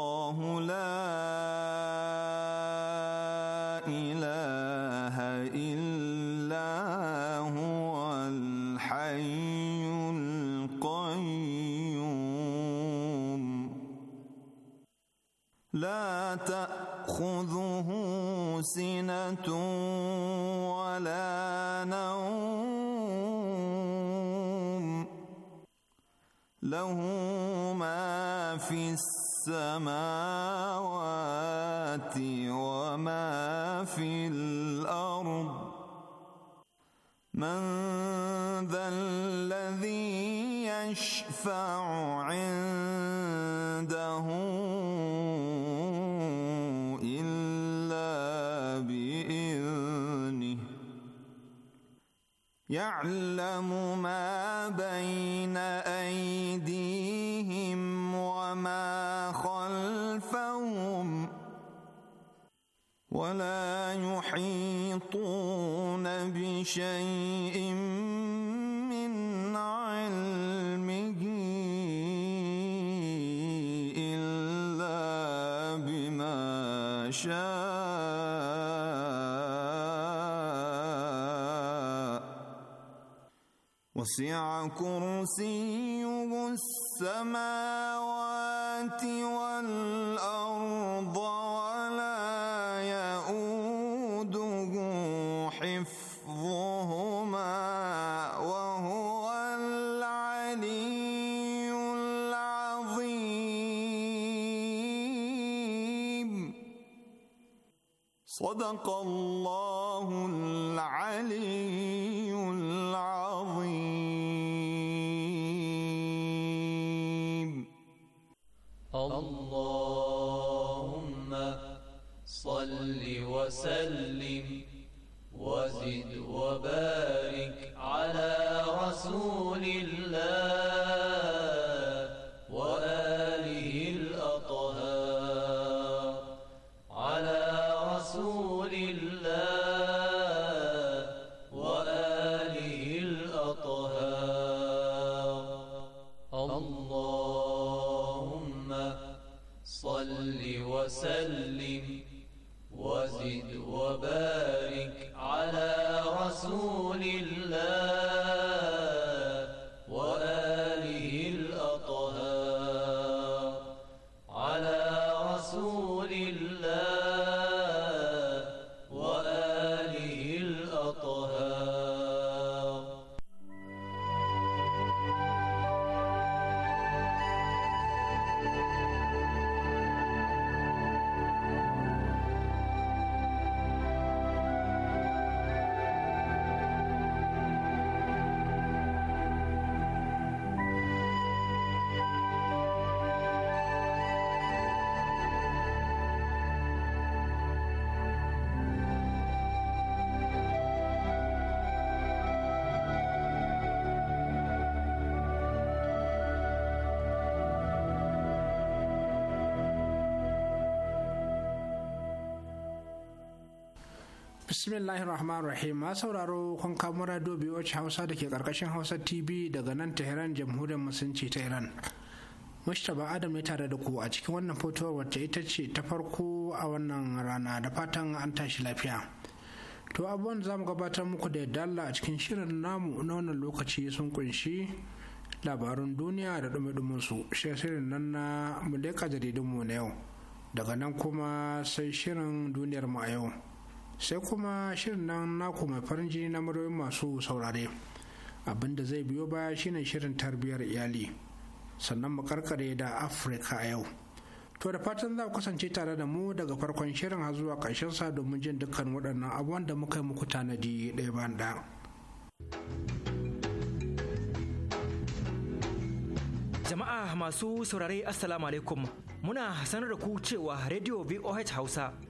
الله لا كرسيه السماوات وسلم bismillahir rahmanir rahim ma sauraro kun kamo radio wacce hausa da ke karkashin hausa tv daga nan tehran jamhuriyar musulunci ta iran mustapha adam ne tare da ku a cikin wannan fotowar wacce ita ce ta farko a wannan rana da fatan an tashi lafiya to abubuwan za mu gabatar muku da yadda a cikin shirin namu na wannan lokaci sun kunshi labarun duniya da dumi su shirin nan na muleka jaridunmu na yau daga nan kuma sai shirin duniyar mu a yau sai kuma shirin nan naku mai farin jini na muryoyin masu saurare abinda zai biyo baya shine shirin tarbiyyar iyali sannan mu karkare da afirka a yau to da fatan za ku kasance tare da mu daga farkon shirin har zuwa ƙarshen sa domin jin dukkan waɗannan abubuwan da muka yi muku tanadi ɗaya bayan ɗaya jama'a masu saurare assalamu alaikum muna sanar da ku cewa radio voh hausa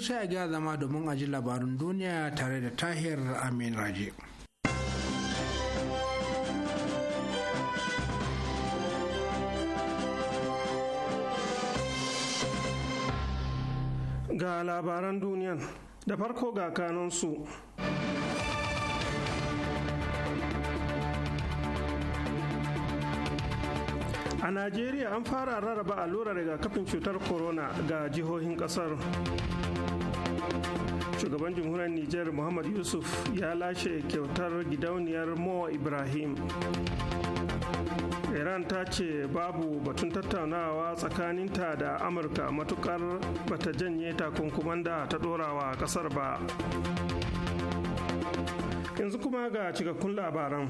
sai a gaya zama domin a ji labarun duniya tare da tahir amin raje. ga labaran duniyan da farko ga kanunsu. a najeriya an fara rarraba allurar rigakafin cutar corona ga jihohin kasar shugaban jamhuriyar nijar muhammad yusuf ya lashe kyautar gidauniyar mo ibrahim iran ta ce babu batun tattaunawa tsakaninta da amurka matukar bata janye takunkuman da ta dorawa kasar ba yanzu kuma ga cikakkun labaran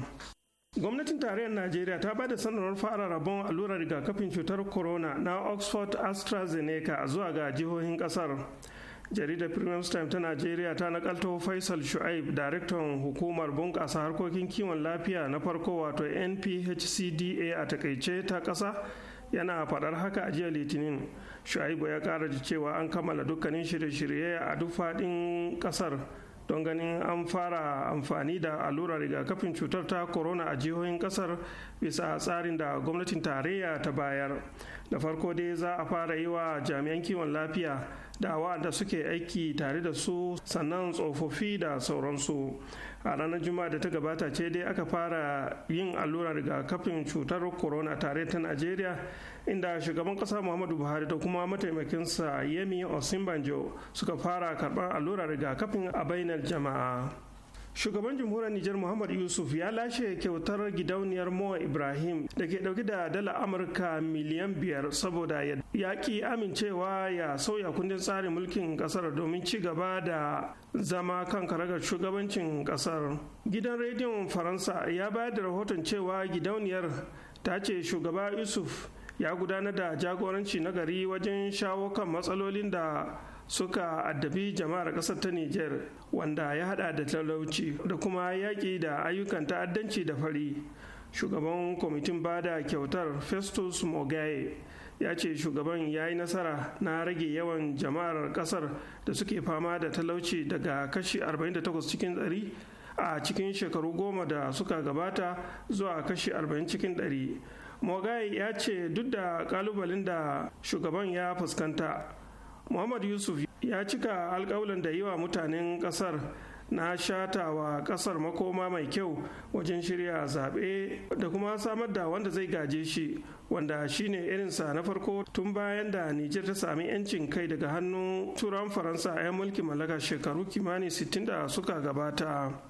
gwamnatin tarayyar najeriya ta bada sanarwar fara rabon allurar rigakafin cutar corona na oxford astrazeneca zuwa ga jihohin kasar jaridar premium time ta najeriya ta nakalto faisal shu'aib daraktan hukumar bunƙasa harkokin kiwon lafiya na farko wato nphcda a takaice ta ƙasa yana faɗar haka a jiya litinin shu'aibu ya ƙara da cewa an kammala dukkanin shirye-shirye a duk faɗin ƙasar don ganin an fara amfani da allurar rigakafin cutar ta corona a jihohin kasar bisa tsarin da gwamnatin tarayya ta bayar da farko dai za a fara yi wa jami'an kiwon lafiya da waɗanda suke aiki tare da su sannan tsofaffi da sauransu a ranar juma'a da ta gabata ce dai aka fara yin allurar rigakafin cutar corona tare ta najeriya inda shugaban ƙasa muhammadu buhari da kuma mataimakinsa yemi osinbanjo suka fara karɓar allurar rigakafin a bainar jama'a shugaban jamhuriyar Nijar Muhammad Yusuf ya lashe kyautar gidauniyar Mowa Ibrahim da ke dauki da dala Amurka miliyan biyar saboda ya ki amincewa ya sauya kundin tsarin mulkin kasar domin ci gaba da zama kan karagar shugabancin kasar. Gidan rediyon Faransa ya bayar da rahoton cewa gidauniyar ta ce shugaba Yusuf ya gudanar da jagoranci na gari wajen shawo kan matsalolin da suka addabi jama'ar ƙasar ta Nijar wanda ya hada da talauci da kuma yaƙi da ayyukan ta'addanci da fari. Shugaban kwamitin bada kyautar Festus Mogaye ya ce shugaban ya yi nasara na rage yawan jama'ar ƙasar da suke fama da talauci daga kashi 48 cikin 100 a cikin shekaru goma da suka gabata zuwa kashi 40 cikin 100. mogai ya ce duk da ƙalubalen da shugaban ya fuskanta. muhammad yusuf ya cika alkawalin da yi wa mutanen kasar na shata wa kasar makoma mai kyau wajen shirya zaɓe da kuma samar da wanda zai gaje shi wanda shine irinsa na farko tun bayan da Nijar ta sami 'yancin kai daga hannun turan faransa 'yan mulkin mallaka shekaru kimanin 60 da suka gabata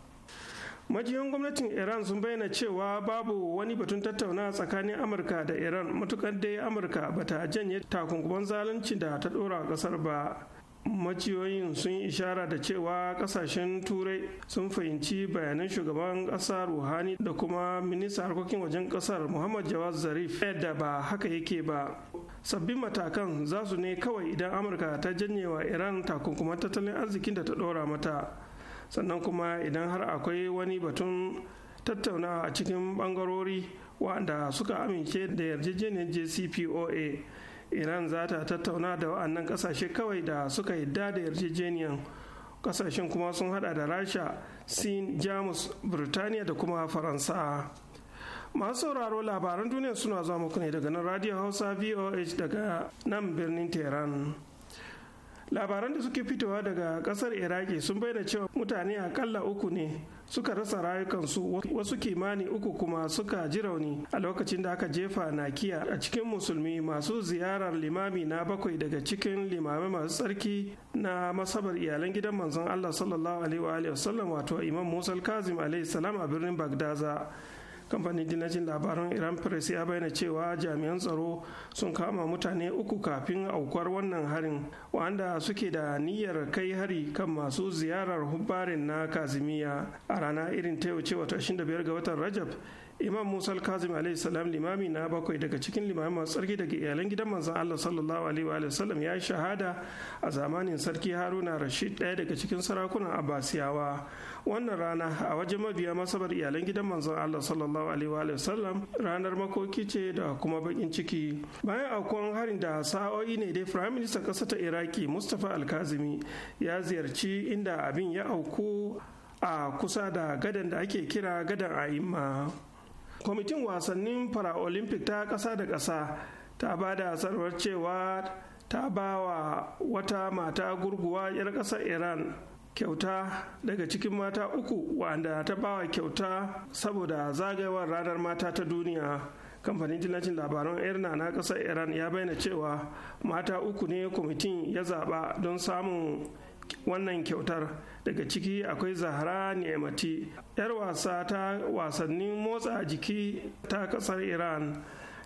majiyoyin gwamnatin iran sun bayyana cewa babu wani batun tattauna tsakanin amurka da iran matukar dai amurka bata janye takunkuman zalunci da ta dora kasar ba maciyoyin sun yi ishara da cewa kasashen turai sun fahimci bayanan shugaban kasa ruhani da kuma minista harkokin wajen kasar muhammad jawad zarif yadda ba haka yake ba sabbin matakan za su ne kawai idan amurka ta janyewa iran takunkuman tattalin arzikin da ta dora mata sannan kuma idan har akwai wani batun tattaunawa a cikin bangarori wanda suka amince da yarjejeniyar jcpoa iran za ta tattauna da wa'annan kasashe kawai da suka yadda da yarjejeniyar kasashen kuma sun hada da rasha sin jamus birtaniya da kuma faransa masu sauraro labaran duniya suna zuwa muku ne daga nan radio hausa voh daga nan birnin tehran labaran da suke fitowa daga kasar iraki sun bayyana cewa mutane akalla uku ne suka rasa rayukansu wasu kimani uku kuma suka ji rauni a lokacin da aka jefa nakiya a cikin musulmi masu ziyarar limami na bakwai daga cikin limamai masu tsarki na masabar iyalan gidan manzon allah sallallahu alaihi wa sallam wato imam musa kazim alaihi salam a birnin bagdaza kamfanin dillacin labaran iran press ya bayyana cewa jami'an tsaro sun kama mutane uku kafin aukuwar wannan harin wanda suke da niyyar kai hari kan masu ziyarar hubbarin na kazimiya a rana irin ta yau cewa 25 ga watan rajab imam musa kazim alaihi salam limami na bakwai daga cikin limami masu tsarki daga iyalan gidan manzon allah sallallahu alaihi wa sallam ya yi shahada a zamanin sarki haruna rashid ɗaya daga cikin sarakunan abbasiyawa wannan rana a wajen mabiya masabar iyalan gidan manzon Allah sallallahu alaihi wa sallam ranar makoki ce da kuma bakin ciki bayan aukuwan harin da sa'o'i ne dai prime minister ƙasar ta iraki mustapha alkazimi ya ziyarci inda abin ya auku a kusa da gadan da ake kira gadan a'imma kwamitin wasannin paralympic ta kasa da kasa ta ba da sarwar cewa ta ba wa wata mata gurguwa 'yar ƙasar iran kyauta daga cikin mata uku wa'anda ta bawa kyauta saboda zagayewar ranar mata ta duniya kamfanin dillacin labaran irna na kasar iran ya bayyana cewa mata uku ne kwamitin ya zaɓa don samun wannan kyautar daga ciki akwai zahra nemati 'yar wasa ta wasannin motsa jiki ta ƙasar iran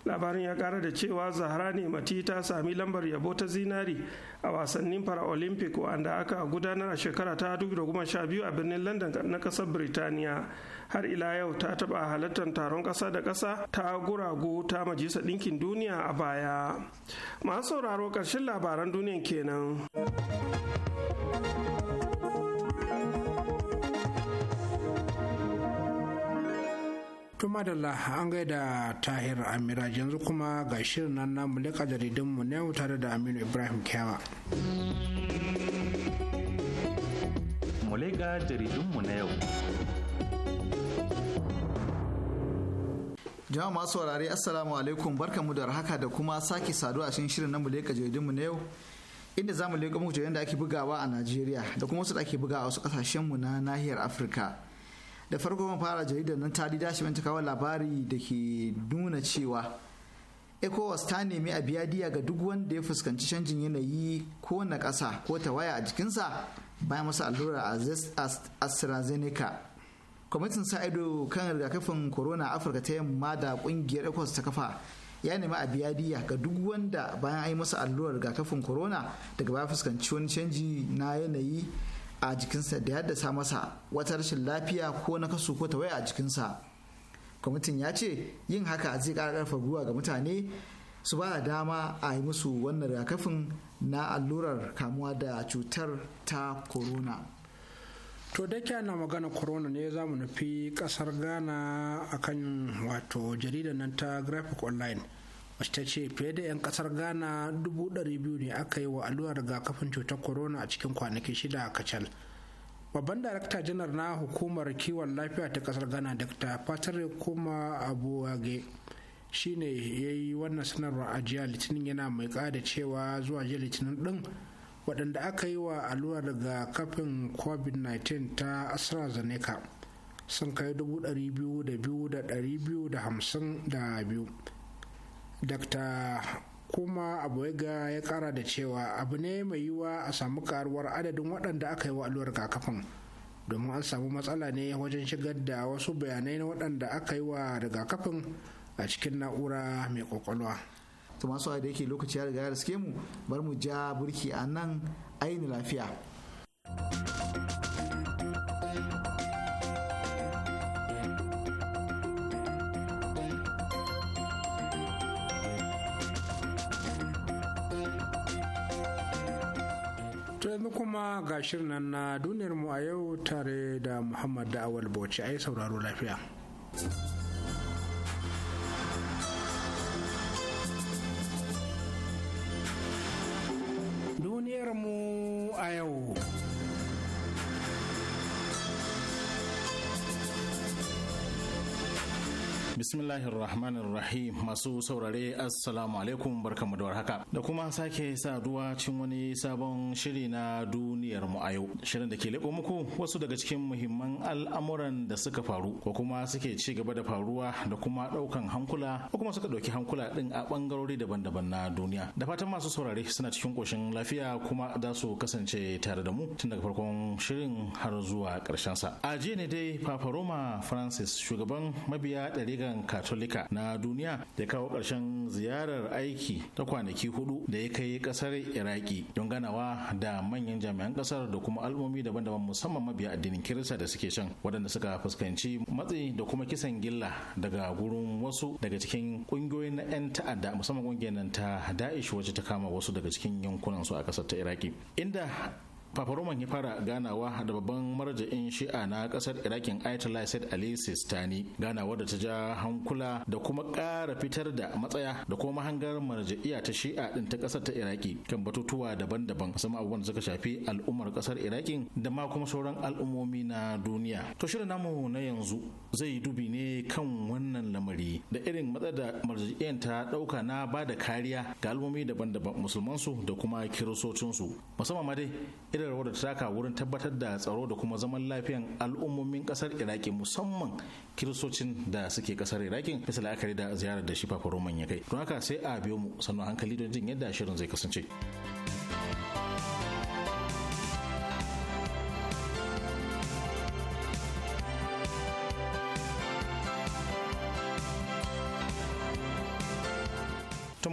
labarin ya kara da cewa zahra ne mati ta sami lambar yabo ta zinari a wasannin paralympic wanda aka gudanar a shekara ta 2012 a birnin london na kasar birtaniya har ila yau ta taba halartar taron kasa da kasa ta guragu ta majisa ɗinkin duniya a baya masu sauraro ƙarshen labaran duniya kenan. madalla an gaida tahir amira yanzu kuma ga shirin nan na mulika jaridunmu na yau tare da aminu ibrahim kyawa mulika jaridunmu na yau jama'a masu warare assalamu alaikum barkamu da haka da kuma sake saduwa a shirin na mulika jaridunmu na yau inda za mu leƙa muku jaridun da ake bugawa a najeriya da kuma wasu da ake bugawa a wasu kasashenmu na nahiyar afirka da farko mun fara jaridar nan ta shi ta kawo labari da ke nuna cewa ecowas ta nemi a biya diya ga duk wanda ya fuskanci canjin yanayi ko na ƙasa ko waya a jikinsa bayan masa allurar astrazeneca kwamitin sa ido kan rigakafin corona afirka ta yamma da ƙungiyar ecowas ta kafa ya nemi a biya diya ga duk wanda bayan an yi masa allurar rigakafin corona daga baya fuskanci wani canji na yanayi a jikinsa da haddasa masa wata rashin lafiya ko na kasu ko tawaye a jikinsa kwamitin ya ce yin haka zai kara ƙarfa gwiwa ga mutane su ba dama a yi musu wannan rigakafin na allurar kamuwa da cutar ta corona to da na magana corona ne za mu nufi kasar ghana akan wato jaridar nan ta graphic online wacce ta ce fiye da 'yan kasar ghana 200,000 ne aka yi wa allurar rigakafin cutar corona a cikin kwanaki shida a kacal babban darakta janar na hukumar kiwon lafiya ta kasar ghana dr patrick kuma abuwage shine ya yi wannan sanarwar a jiya litinin yana mai kada cewa zuwa jiya litinin din waɗanda aka yi wa allurar rigakafin covid-19 ta astrazeneca sun kai 2,252 dr kuma abuega ya kara da cewa abu ne mai yiwuwa a samu karuwar adadin waɗanda aka yi wa allurar rigakafin domin an samu matsala ne wajen shigar da wasu bayanai na waɗanda aka yi wa rigakafin a cikin na'ura mai kwakwalwa to masu da yake lokaci ya riga ya riske mu bar mu ja burki a nan lafiya yanzu kuma ga shirin na duniyar mu a yau tare da Muhammad Da'awal Bauchi yi sauraro lafiya. Duniyar mu a yau. bismillahir rahmanir rahim masu saurare assalamu alaikum barkamu da warhaka da kuma sake saduwa cikin wani sabon shiri na duniyar mu a yau shirin da ke leko muku wasu daga cikin muhimman al'amuran da suka faru ko kuma suke ci gaba da faruwa da kuma daukan hankula ko kuma suka dauki hankula din a bangarori daban-daban na duniya da fatan masu saurare suna cikin koshin lafiya kuma za su kasance tare da mu tun daga farkon shirin har zuwa karshen sa a jiya ne dai papa roma francis shugaban mabiya ga. taron katolika na duniya ya kawo ƙarshen ziyarar aiki ta kwanaki hudu da ya kai ƙasar iraki don ganawa da manyan jami'an ƙasar da kuma al'ummomi daban-daban musamman mabiya addinin kirista da suke can waɗanda suka fuskanci matsi da kuma kisan gilla daga gurin wasu daga cikin ƙungiyoyin na 'yan ta'adda musamman ƙungiyar nan ta da'ish wacce ta kama wasu daga cikin yankunan su a ƙasar ta iraki inda Paparoman ya fara ganawa da babban marja'in shi'a na kasar Irakin Ayatollah Said Ali Sistani ganawa da ta ja hankula da kuma ƙara fitar da matsaya da kuma hangar marja'iya ta shi'a din ta kasar ta Iraki kan batutuwa daban-daban sama abubuwan da suka shafi al'ummar kasar Irakin da ma kuma sauran al'ummomi na duniya. To shirin namu na yanzu zai dubi ne kan wannan lamari da irin matsayar da marja'iyan ta ɗauka na bada kariya ga al'ummomi daban-daban musulmansu da kuma kiristocinsu musamman ma dai irin da taka wurin tabbatar da tsaro da kuma zaman lafiyan al'ummomin kasar iraki musamman kiristocin da suke kasar iraki bisa la'akari da ziyarar da shi fafa roman ya kai don haka sai a biyo mu sannan hankali don jin yadda shirin zai kasance.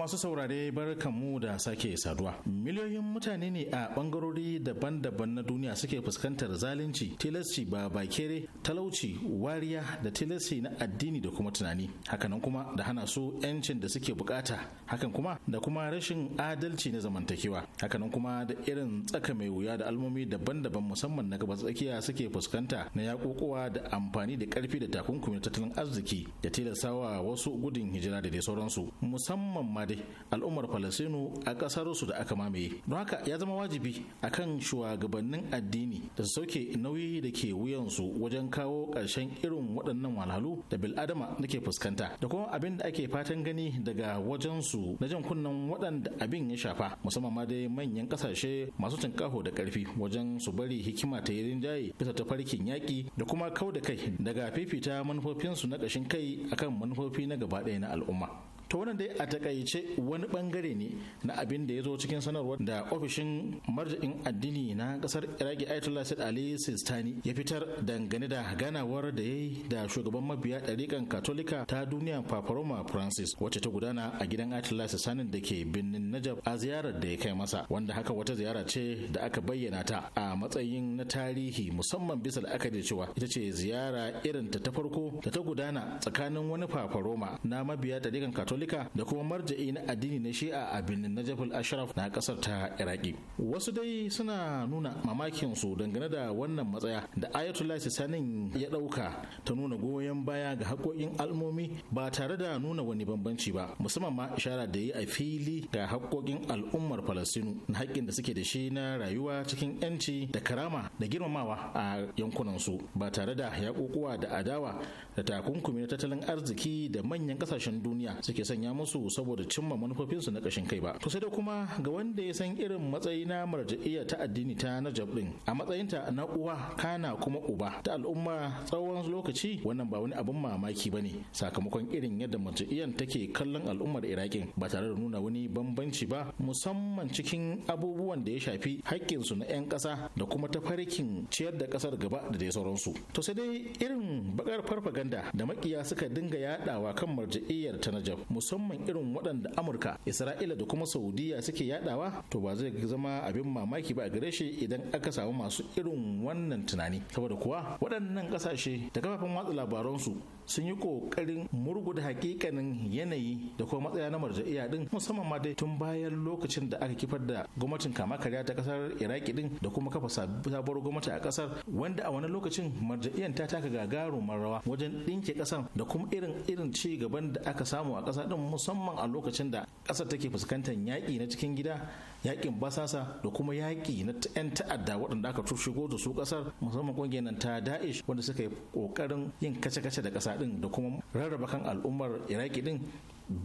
masu saurare mu da sake saduwa. Miliyoyin mutane ne a bangarori daban-daban na duniya suke fuskantar zalunci, tilasci ba bakere, talauci, wariya da tilasci na addini da kuma tunani. Hakanan kuma da hana su 'yancin da suke bukata. Hakan kuma da kuma rashin adalci na zamantakewa. Hakanan kuma da irin tsaka mai wuya da almomi daban-daban musamman na gabas tsakiya suke fuskanta na yakukuwa da amfani da karfi da takunkumi tattalin arziki da tilastawa wasu gudun hijira da dai sauransu. Musamman ma da al'ummar falasinu a ƙasarsu da aka mamaye don haka ya zama wajibi a kan shugabannin addini da su sauke nauyi da ke wuyansu wajen kawo ƙarshen irin waɗannan walhalu da bil'adama ke fuskanta da kuma abin da ake fatan gani daga wajensu na jan kunnan waɗanda abin ya shafa musamman ma dai manyan ƙasashe masu tunƙaho da ƙarfi wajen su bari hikima ta yi rinjaye bisa ta farkin yaƙi da kuma kau da kai daga fifita manufofinsu na ƙashin kai akan manufofi na gaba ɗaya na al'umma. to wannan dai a takaice wani bangare ne na abin da ya zo cikin sanarwa da ofishin marja'in addini na kasar iraki ayatollah said ali sistani ya fitar dangane da ganawar da ya yi da shugaban mabiya ɗarikan katolika ta duniya paparoma francis wacce ta gudana a gidan ayatollah sistani da ke birnin najab a ziyarar da ya kai masa wanda haka wata ziyara ce da aka bayyana ta a matsayin na tarihi musamman bisa da aka cewa ita ce ziyara irin ta ta farko da ta gudana tsakanin wani paparoma na mabiya ɗarikan katolika katolika da kuma marja'i na addini na shi'a a birnin najaf al-ashraf na kasar ta iraki wasu dai suna nuna mamakin su dangane da wannan matsaya da ayatollah sisanin ya dauka ta nuna goyon baya ga haƙoƙin al'ummomi ba tare da nuna wani bambanci ba musamman ma ishara da yi a fili ga haƙoƙin al'ummar falastinu na haƙƙin da suke da shi na rayuwa cikin 'yanci da karama da girmamawa a yankunansu ba tare da yaƙuƙuwa da adawa da takunkumi na tattalin arziki da manyan ƙasashen duniya suke sanya musu saboda cimma manufofinsu na kashin kai ba to sai da kuma ga wanda ya san irin matsayi na marja'iyya ta addini ta najab din a matsayinta na uwa kana kuma uba ta al'umma tsawon lokaci wannan ba wani abin mamaki ba ne sakamakon irin yadda marja'iyyar take kallon al'ummar irakin ba tare da nuna wani bambanci ba musamman cikin abubuwan da ya shafi haƙƙinsu na 'yan ƙasa da kuma ta farkin ciyar da ƙasar gaba da dai sauransu to sai dai irin bakar farfaganda da makiya suka dinga yadawa kan marja'iyyar ta najab musamman irin waɗanda amurka isra'ila da kuma saudiya suke yadawa to ba zai zama abin mamaki ba a gare shi idan aka samu masu irin wannan tunani saboda kuwa waɗannan ƙasashe da kafafen watsa labaransu sun yi ƙoƙarin murguda hakikanin yanayi da kuma matsaya na marja'iya din musamman ma dai tun bayan lokacin da aka kifar da gwamnatin kama karya ta ƙasar iraki din da kuma kafa sabuwar gwamnati a ƙasar wanda a wani lokacin marja'iyan ta taka gagarumar rawa wajen ɗinke ƙasar da kuma irin irin ci gaban da aka samu a ƙasar din musamman a lokacin da ƙasar take fuskantar yaƙi na cikin gida yaƙin basasa da kuma yaƙi na 'yan ta'adda waɗanda aka shigo da su ƙasar musamman ƙungiyar nan ta da'ish wanda suka yi ƙoƙarin yin kace-kace da ƙasa ɗin da kuma rarraba kan al'ummar iraki ɗin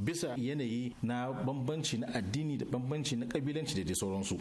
bisa yanayi na bambanci na addini da bambanci na ƙabilanci da dai sauransu.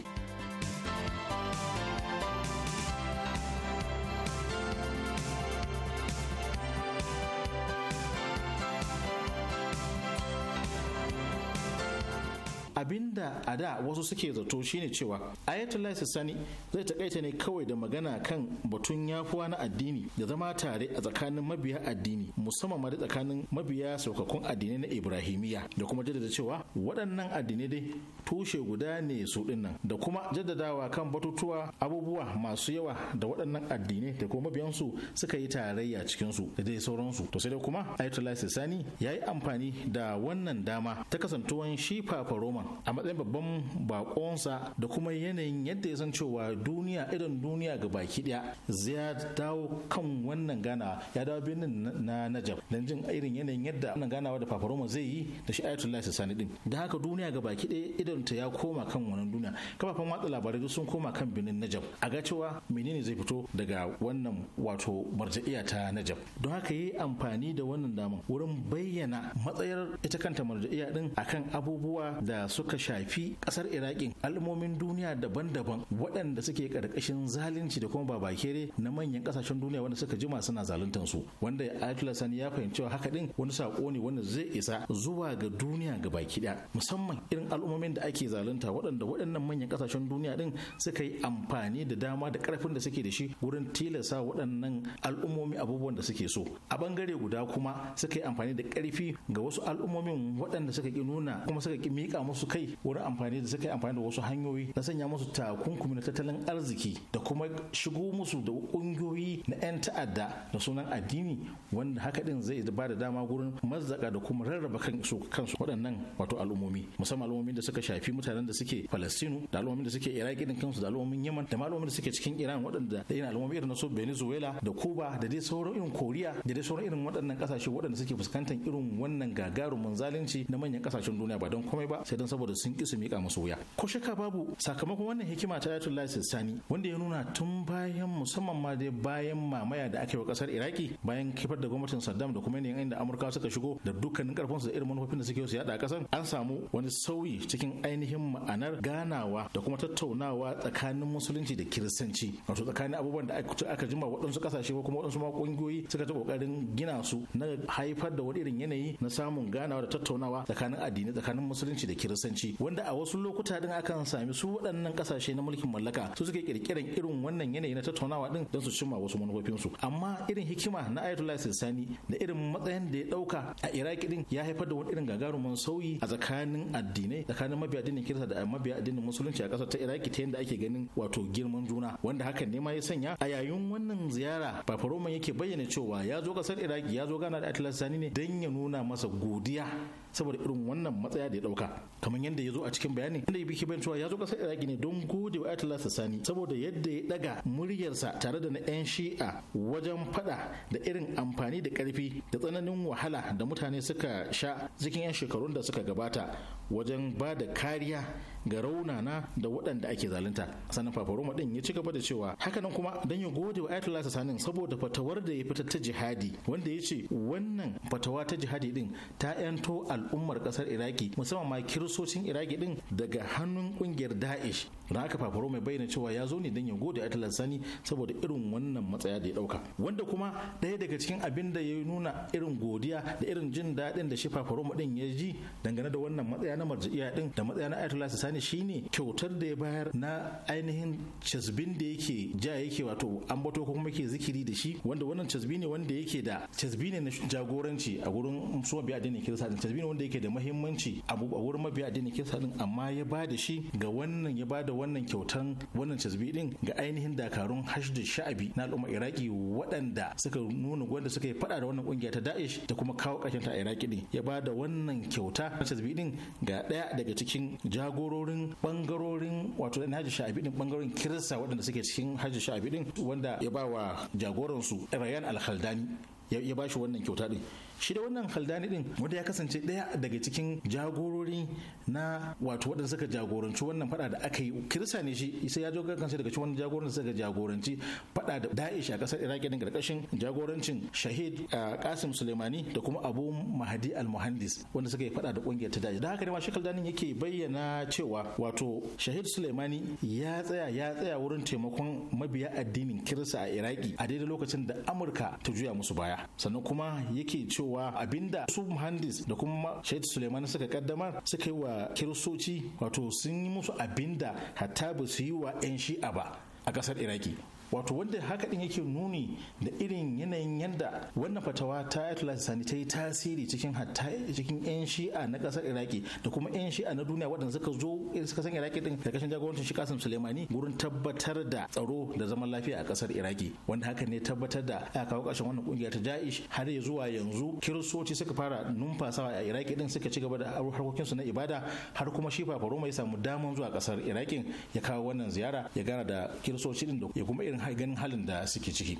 abinda a da wasu suke zato shine cewa ayatollah sani zai takaita ne kawai da magana kan batun yafuwa na addini da zama tare a tsakanin mabiya addini musamman ma da tsakanin mabiya saukakun addinai na Ibrahimiyya, da kuma jaddada cewa waɗannan addinai dai tushe guda ne su dinnan da kuma jaddadawa kan batutuwa abubuwa masu yawa da waɗannan addinai da kuma mabiyansu suka yi tarayya cikinsu da dai sauransu to sai dai kuma ayatollah sani ya yi amfani da wannan dama ta kasantuwan shi papa roman a matsayin babban bakonsa da kuma yanayin yadda ya san cewa duniya irin duniya ga baki daya zai dawo kan wannan gana ya dawo birnin na najab don jin irin yanayin yadda wannan ganawa da papa zai yi da shi ayatollah sani din da haka duniya ga baki daya idan ta ya koma kan wannan duniya Kafafan watsa labarai duk sun koma kan birnin najab a ga cewa menene zai fito daga wannan wato marja'iya ta najab don haka yi amfani da wannan daman wurin bayyana matsayar ita kanta marja'iya din akan abubuwa da su suka shafi kasar Irakin al'ummomin duniya daban-daban waɗanda suke ƙarƙashin zalunci da kuma babakere na manyan ƙasashen duniya wanda suka jima suna zaluntar su wanda ayatollah sani ya fahimci cewa haka din wani sako ne wanda zai isa zuwa ga duniya ga baki ɗaya musamman irin al'ummomin da ake zalunta waɗanda waɗannan manyan ƙasashen duniya din suka yi amfani da dama da ƙarfin da suke da shi wurin tilasa waɗannan al'ummomi abubuwan da suke so a bangare guda kuma suka yi amfani da ƙarfi ga wasu al'ummomin waɗanda suka ki nuna kuma suka ki miƙa musu kai wurin amfani da suka yi amfani da wasu hanyoyi na sanya musu takunkumi na tattalin arziki da kuma shigo musu da ƙungiyoyi na 'yan ta'adda da sunan addini wanda haka din zai ba da dama gurin mazzaka da kuma rarraba kansu kansu waɗannan wato al'ummomi musamman al'ummomin da suka shafi mutanen da suke Falastinu da al'ummomin da suke Iraki din kansu da al'ummomin Yemen da al'ummomin da suke cikin Iran waɗanda da irin al'ummomi irin na su Venezuela da Cuba da dai sauran irin Koriya da dai sauran irin waɗannan ƙasashe waɗanda suke fuskantar irin wannan gagarumin zalunci na manyan ƙasashen duniya ba don komai ba sai don saboda saboda sun ƙi su miƙa musu wuya ko shakka babu sakamakon wannan hikima ta Ayatollah Sani wanda ya nuna tun bayan musamman ma dai bayan mamaya da aka yi wa ƙasar Iraki bayan kifar da gwamnatin Saddam da kuma yanayin da Amurka suka shigo da dukkanin karfinsu da irin manufofin da suke su yada ƙasar an samu wani sauyi cikin ainihin ma'anar ganawa da kuma tattaunawa tsakanin musulunci da kiristanci wato tsakanin abubuwan da aka jima waɗansu ƙasashe ko kuma waɗansu ma ƙungiyoyi suka ta ƙoƙarin gina su na haifar da wani irin yanayi na samun ganawa da tattaunawa tsakanin addini tsakanin musulunci da kiristanci kasance wanda a wasu lokuta din akan sami su waɗannan kasashe na mulkin mallaka su suke kirkiran irin wannan yanayi na tattaunawa din don su cimma wasu su amma irin hikima na Ayatollah Sistani da irin matsayin da ya dauka a Iraki din ya haifar da wani irin gagarumin sauyi a tsakanin addinai tsakanin mabiya addinin Kirista da mabiya addinin Musulunci a ƙasar ta Iraki ta yadda ake ganin wato girman juna wanda hakan ne ma ya sanya a yayin wannan ziyara Papa Roman yake bayyana cewa ya zo ƙasar Iraki ya zo gana da Ayatollah Sistani ne don ya nuna masa godiya saboda irin wannan matsaya da ya dauka kamar yadda ya zo a cikin bayani inda ya biki cewa ya zo kasar iraki ne don gode wa ayatollah sani saboda yadda ya daga muryarsa tare da na yan shi'a wajen fada da irin amfani da karfi da tsananin wahala da mutane suka sha cikin yan shekarun da suka gabata wajen ba da kariya ga raunana da waɗanda ake zalunta sannan fafaroma din ya ci gaba da cewa hakanan kuma don ya gode wa ayatollah sasanin saboda fatawar da ya fitar ta jihadi wanda ya ce wannan fatawa ta jihadi din ta yanto al'ummar ƙasar iraki musamman ma kiristocin iraki din daga hannun ƙungiyar da'ish na aka fafaro mai bayyana cewa ya zo ne don ya gode Atila Sani saboda irin wannan matsaya da ya dauka wanda kuma daya daga cikin abin da ya nuna irin godiya da irin jin daɗin da shi fafaro din ya ji dangane da wannan matsaya na marjiya din da matsaya na Atila Sani shine kyautar da ya bayar na ainihin casbin da yake ja yake wato ambato ko kuma yake zikiri da shi wanda wannan casbi ne wanda yake da casbi ne na jagoranci a gurin su mabiya addinin Kirista din casbi ne wanda yake da muhimmanci a gurin mabiya addinin Kirista din amma ya ba da shi ga wannan ya ba da wannan kyautan wannan tasbi din ga ainihin dakarun hashdu sha'abi na al'umma iraki waɗanda suka nuna gwanda suka yi fada da wannan kungiya ta da'ish da kuma kawo ƙarshen ta a iraki din ya ba da wannan kyauta na tasbi din ga ɗaya daga cikin jagororin bangarorin wato na hajji sha'abi din bangarorin kirista waɗanda suke cikin hajji sha'abi din wanda ya ba wa jagoransu rayan alhaldani ya ba shi wannan kyauta din shi da wannan khaldani din wanda ya kasance daya daga cikin jagorori na wato waɗanda suka jagoranci wannan fada da aka yi kirista ne shi isa ya zo kansa daga cikin wannan jagoran suka jagoranci fada da Daesh a kasar Iraki din karkashin jagorancin Shahid eh, Qasim Sulemani da kuma Abu Mahdi Al-Muhandis wanda suka yi fada da kungiyar ta Daesh da haka ne ma shi khaldani yake bayyana cewa wato Shahid Suleimani ya tsaya ya tsaya wurin taimakon mabiya addinin kirista a Iraki a daidai lokacin da Amurka ta juya musu baya sannan kuma yake cewa cewa abinda su muhandis da kuma shaidu suleiman suka kaddamar suka yi wa kiristoci wato sun yi musu abinda hatta ba su yi wa 'yan shi'a ba a kasar iraki wato wanda haka din yake nuni da irin yanayin yadda wannan fatawa ta Ayatollah Sani ta yi tasiri cikin hatta cikin yan shi'a na kasar Iraki da kuma yan shi'a na duniya waɗanda suka zo suka san Iraki din da kashin jagorancin shi Kasim Suleimani gurin tabbatar da tsaro da zaman lafiya a kasar Iraki wanda haka ne tabbatar da aka kawo ƙarshen wannan kungiya ta Daesh har ya zuwa yanzu kiristoci suka fara numfasawa a Iraki din suka ci gaba da harkokinsu na ibada har kuma shi Papa mai samu daman zuwa kasar Iraki ya kawo wannan ziyara ya gana da kiristoci din da kuma irin ganin halin da suke ciki.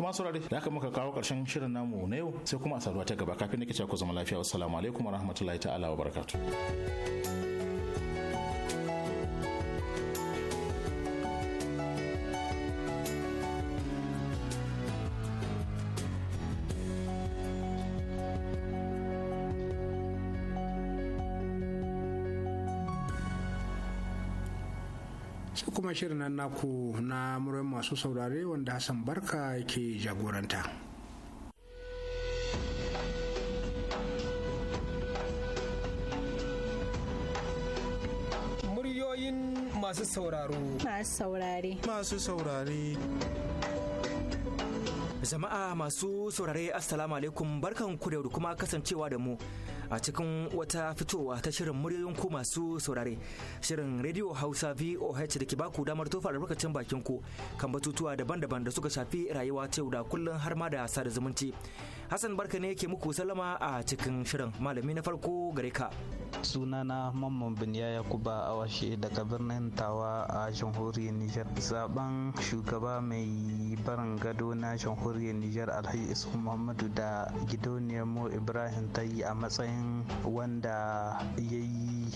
kuma saurari da aka muka kawo karshen shirin namu na yau sai kuma a saduwa ta gaba kafin nake ku zama lafiya wassalamu alaikum warahmatullahi ta'ala wa barakatuh kuma shirin nan naku na murin masu saurare wanda Hassan Barka yake jagoranta. Muryoyin masu sauraro. Masu saurare. Masu saurare. Jama'a masu saurare Assalamu alaikum barkan ku da kuma kasancewa da mu a cikin wata fitowa ta shirin muryoyin ku masu saurare shirin Radio Hausa VOH da ke baku damar tofa albarkacin bakin ku kan batutuwa daban-daban da suka shafi rayuwa ta yau da kullum har ma da sada zumunci. Hassan barka ne yake muku salama a cikin shirin malami na farko gare ka. Sunana Mamman Biniya Yakuba Awashe daga birnin Tawa a jamhuriyar Nijar. Zaben shugaba mai barin gado na jamhuriyar Nijar Alhaji Isu Muhammadu da gidoniyar Mo Ibrahim ta yi a matsayin wanda ya yi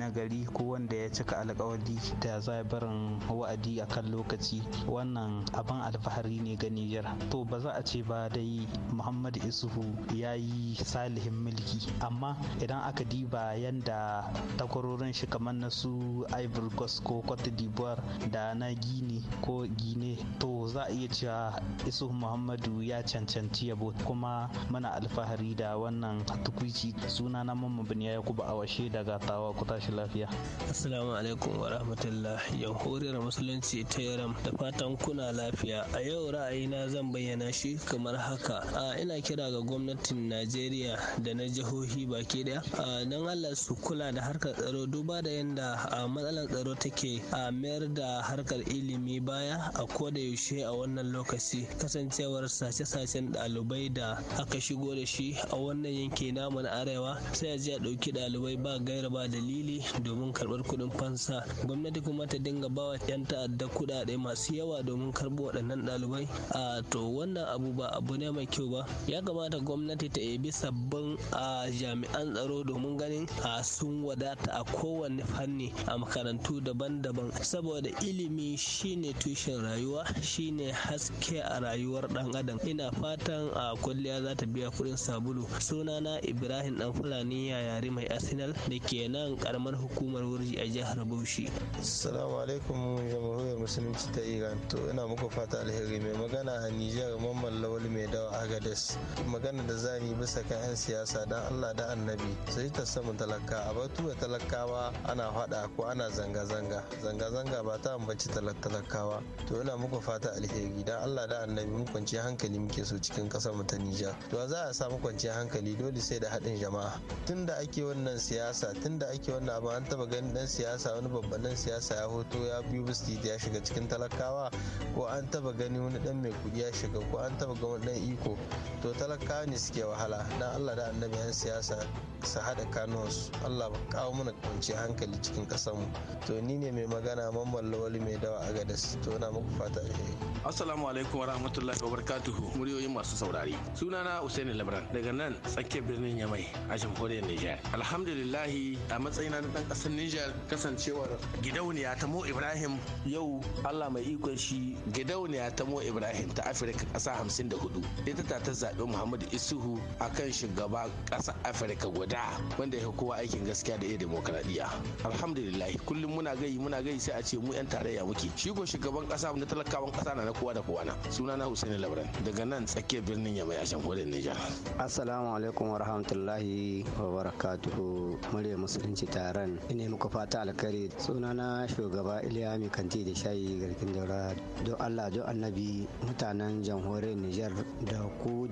na gari ko wanda ya cika alkawari da za barin wa'adi a kan lokaci wannan abin alfahari ne ga Nijar. To ba za a ce ba dai muhammadu Isuhu ya yi salihin mulki amma idan aka diba yanda takwarorin shi kamar na su Ivory Coast ko Cote d'Ivoire da na Gini ko Gine to za a iya cewa Isuhu Muhammadu ya cancanci yabo kuma muna alfahari da wannan tukwici suna na mamman bin ya kuba washe daga tawa ku tashi lafiya. Assalamu alaikum wa rahmatullah. Jamhuriyar Musulunci ta Yaram da fatan kuna lafiya. A yau ra'ayina zan bayyana shi kamar haka. A ina kira ga gwamnatin Najeriya da na jihohi baki daya. A don Allah su kula da harkar tsaro duba da yadda a matsalar tsaro take a mayar da harkar ilimi baya a ko da yaushe a wannan lokaci kasancewar sace-sacen ɗalibai da aka shigo da shi a wannan yanki namu na arewa sai a ji a ɗauki ɗalibai ba gaira ba dalili domin karɓar kuɗin fansa gwamnati kuma ta dinga bawa 'yan ta'adda kuɗaɗe masu yawa domin karɓo waɗannan ɗalibai a to wannan abu ba abu ne mai kyau ba ya kamata gwamnati ta ebi sabbin a jami'an tsaro domin ganin a sun wadata a kowane fanni a makarantu daban-daban saboda ilimi shine tushen rayuwa shine haske a rayuwar ɗan adam ina fatan a kwalliya za ta biya kuɗin sabulu sunana ibrahim ɗan fulani yare mai arsenal da ke nan ƙaramar karamar hukumar wurji a jihar Bauchi. Assalamu alaikum jamhuriyar musulunci ta Iran to ina muku fata alheri mai magana a Nijar Mamman Lawal mai dawa Agades. Magana da za ni bisa kan 'yan siyasa dan Allah da Annabi sai ta samu talaka a batu da talakawa ana fada ko ana zanga-zanga zanga-zanga ba ta ambaci talakawa to ina muku fata alheri dan Allah da Annabi mun kwanci hankali muke so cikin kasar mu ta Nijar. To za a samu kwanciyar hankali dole sai da haɗin jama'a tunda ake wannan siyasa tunda ake wannan ba an taba ganin dan siyasa wani babban dan siyasa ya hoto ya biyu bisti ya shiga cikin talakawa ko an taba gani wani dan mai kudi ya shiga ko an taba ga wani dan iko to talakawa ne suke wahala dan Allah da annabi yan siyasa su hada kanuwansu Allah ba kawo mana kwanci hankali cikin mu to ni ne mai magana mamman lawali mai dawa a gadas to na muku fata alheri assalamu alaikum wa rahmatullahi wa barakatuhu muryoyin masu saurari sunana Usaini Labran daga nan tsakiyar birnin Yamai a jamhuriyar Nijar alhamdulillahi a matsayin dan kasar Nijar kasancewar gidauniya ta Mo Ibrahim yau Allah mai ikon shi gidauniya ta Mo Ibrahim ta Afirka kasa hudu ita ta ta zaɓi Muhammadu Isuhu kan shugaba ƙasa Afirka guda wanda ya kowa aikin gaskiya da iya demokradiyya alhamdulillah kullum muna gai muna gai sai a ce mu yan tarayya muke shi ko shugaban ƙasa na talakawan ƙasa na na kowa da kowa na suna na Hussein Labran daga nan tsakiyar birnin Yamai a jamhuriyar Nijar assalamu alaikum wa rahmatullahi wa barakatuhu murya musulunci tare Iran ina muku fata alkhairi sunana shugaba Iliya mai kanti da shayi garkin daura don Allah don annabi mutanen jamhuriyar Nijar da ku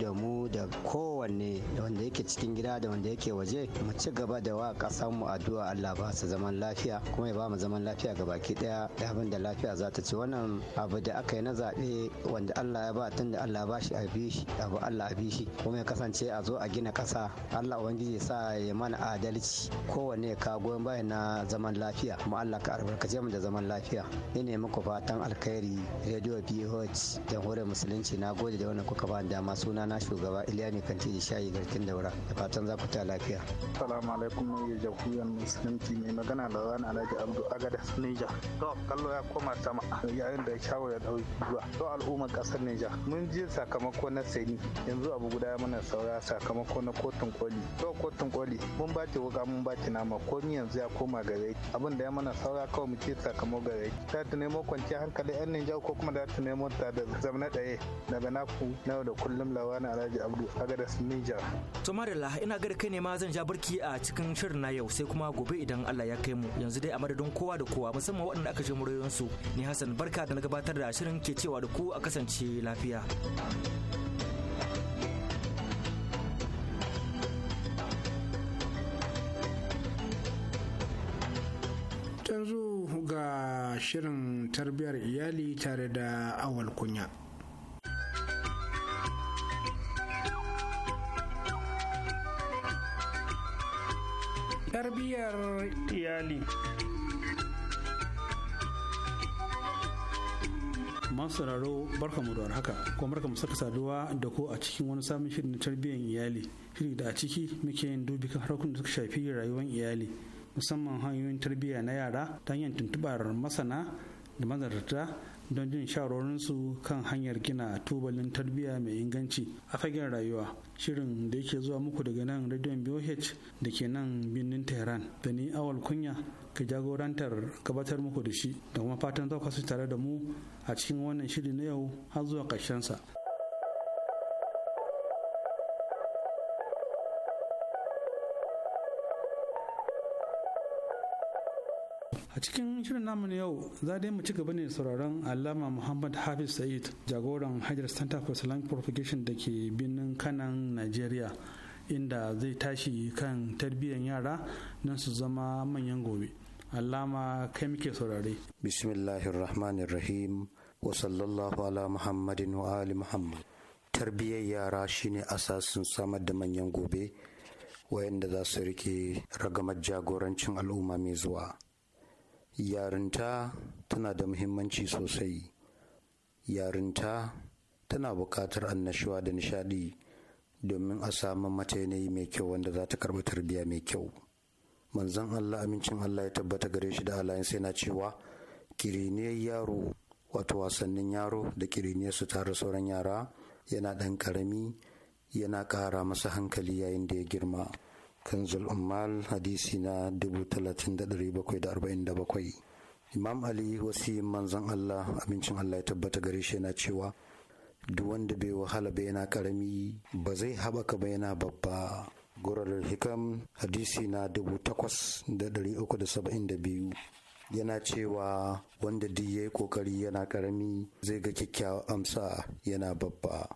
cikin gida da wanda yake waje mu ci gaba da wa kasan mu addu'a Allah ba su zaman lafiya kuma ya ba mu zaman lafiya ga baki daya da abin da lafiya za ta ci wannan abu da aka yi na zabe wanda Allah ya ba tun da Allah ba shi abi shi abu Allah abi shi kuma ya kasance a zo a gina kasa Allah ubangiji ya sa ya mana adalci kowanne ka goyon bayan na zaman lafiya kuma Allah ka albarkace mu da zaman lafiya ni ne muku fatan alkhairi radio BH jamhuriyar musulunci na gode da wannan kuka ba dama suna na shugaba Iliya kanti da shayi garkin daura da fatan za ku ta lafiya. Salamu alaikum mai jamhuriyar musulunci mai magana da zan alhaji Abdu Agada Neja. To kallo ya koma sama yayin da shawo ya dauki zuwa. To al'ummar kasar Neja mun ji sakamako na sani yanzu abu guda mana saura sakamako na kotun koli. To kotun koli mun ba ki wuka mun ba ki nama ni yanzu ya koma gare ki. Abin da ya mana saura kawai mu ce sakamako gare ki. Ta ta nemo kwanciyar hankali 'yan Neja ko kuma da ta nemo ta da zamna ɗaya daga naku na yau da kullum alhaji Abdu Agada Neja. madalla ina ga kai ne ma zan ja barki a cikin shirin na yau sai kuma gobe idan Allah ya kai mu yanzu dai a madadin kowa da kowa musamman waɗanda aka je murayoyin su ni Hassan barka da na gabatar da shirin ke cewa da ku a kasance lafiya. yanzu ga shirin tarbiyyar iyali tare da awal kunya. tarbiyyar iyali masararo barka mu da haka ko barka mu saka saduwa da ko a cikin wani samun shirin na tarbiyyar iyali shiri da a ciki muke yin dubi kan harkokin da suka shafi rayuwar iyali musamman hanyoyin tarbiyya na yara ta hanyar tuntubar masana da manzarta don jin shawarorinsu kan hanyar gina tubalin tarbiyya mai inganci a fagen rayuwa shirin da yake zuwa muku daga nan rediyon boh da ke nan birnin tehran da ni awal kunya ka jagorantar gabatar muku da shi da kuma fatan za ku tare da mu a cikin wannan shiri na yau har zuwa ƙarshensa. a cikin shirin namu na yau za dai mu ci gaba ne sauraron alama muhammad hafiz sa'id jagoran hajar center for islamic propagation da ke birnin kanan nigeria inda zai tashi kan tarbiyyar yara don su zama manyan gobe alama kai muke saurare bismillahirrahmanirrahim wa sallallahu ala muhammadin wa ali muhammad tarbiyyar yara shine asasin samar da manyan gobe wayanda za su rike ragamar jagorancin al'umma mai zuwa yarinta tana da muhimmanci sosai yarinta tana buƙatar annashuwa da nishaɗi domin a samu mata yanayi mai kyau wanda za ta karɓi tarbiyya mai kyau manzon allah amincin allah ya tabbata gare shi da alayin sai na cewa kiriniyar yaro wato wasannin yaro da kiriniyar su tare sauran yara yana ɗan ƙarami yana ƙara masa hankali yayin da ya girma kanzul ummal hadisi na bakwai. imam ali wasiyin manzon allah abincin allah ya tabbata gare shi yana cewa duk wanda bai wahala ba yana karami ba zai haɓaka ba yana babba gurar hikam hadisi na 8372 yana cewa wanda duk ya kokari yana karami zai ga kyakkyawa amsa yana babba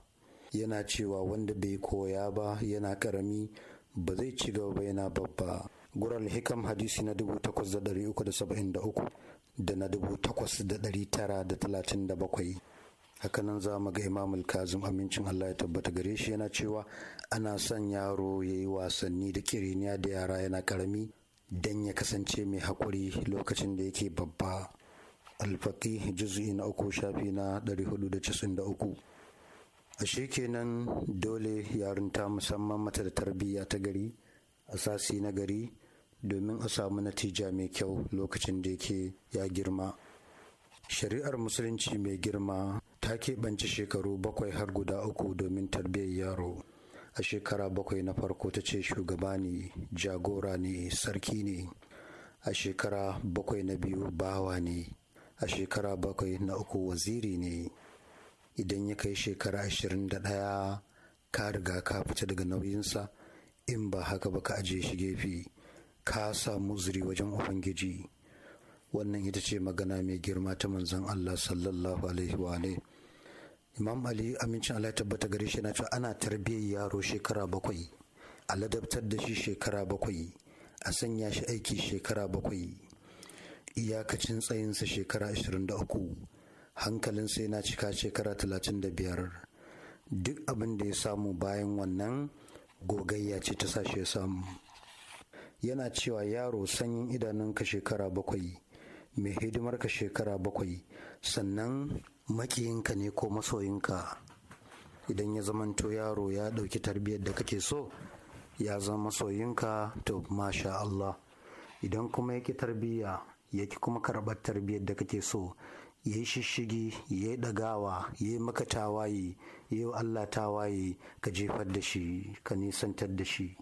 yana cewa wanda bai koya ba yana ƙarami. ba zai ci gaba ba yana babba gural hikam hadisi na 8373 da na 8937 hakanan za mu ga imam kazim amincin allah ya tabbata gare shi yana cewa ana son yaro ya yi wasanni da kiriniya da yara yana karami don ya kasance mai hakuri lokacin da yake babba Alfaki juzu'i na uku shafi na 493 ashe kenan dole yarinta musamman mata da tarbiyya ta gari asasi na gari domin a samu natija mai kyau lokacin da yake ya girma shari'ar musulunci mai girma ta keɓance shekaru bakwai har guda uku domin tarbiyyar yaro a shekara bakwai na farko ta ce shugaba ne jagora ne sarki ne a shekara bakwai na biyu bawa ne a shekara bakwai na uku waziri ne idan ya kai shekara ashirin da ɗaya ka riga ka fita daga nauyinsa in ba haka ba ka aje shi gefe ka samu zuri wajen ubangiji wannan ita ce magana mai girma ta manzan Allah sallallahu alaihi wa Imam Ali amincin Allah tabbata gare shi na cewa ana tarbiyyar yaro shekara bakwai a ladabtar da shi shekara bakwai a sanya shi aiki shekara bakwai iyakacin tsayinsa shekara ashirin da uku hankalin sai na cika shekara talatin da biyar duk abin da ya samu bayan wannan gogayya ce ta sashe ya samu yana cewa yaro sanyin idanunka shekara bakwai mai hidimar ka shekara bakwai sannan makiyinka ne ko masoyinka idan ya zamanto yaro ya ɗauki tarbiyyar da kake so ya zama masoyinka to masha Allah idan kuma ya tarbiyya ya kuma karɓar tarbiyyar da kake so ya yi shishigi ya yi ɗagawa ya yi maka tawaye ya yi allah tawaye ka jefar da shi ka nisantar da shi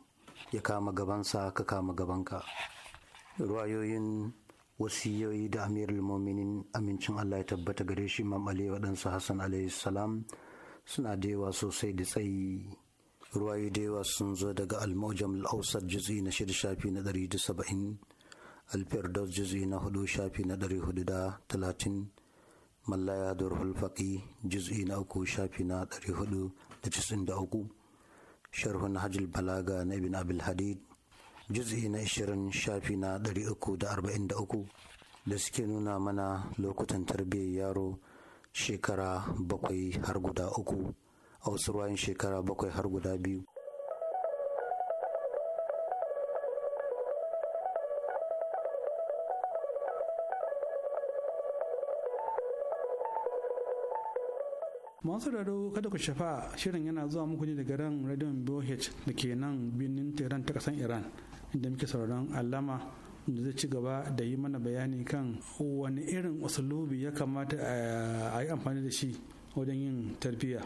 ya kama gabansa ka kama gabanka ruwayoyin wasiyoyi da amirul muminin amincin allah ya tabbata gare shi mamale waɗansu hassan alaihi salam suna da yawa sosai da tsayi ruwayi da yawa sun zo daga al al'ausar jizi na shida shafi na ɗari da saba'in alfiyar jizi na hudu shafi na ɗari hudu da talatin mallaya da faƙi juz'i na uku shafi na ɗari hudu da cisin da uku sharhun hajjil balaga na ibn abil hadid juz'i na ishirin shafi na ɗari uku da arba'in da uku da suke nuna mana lokutan tarbiyyar yaro shekara bakwai har guda uku a wasu ruwayin shekara bakwai har guda biyu masu raro kada ku shafa shirin yana zuwa muku ne daga ran radion boh da ke nan birnin tehran ta kasan iran inda muke sauraron alama da zai ci gaba da yi mana bayani kan wani irin usulubi ya kamata a yi amfani da shi wajen yin tarbiyya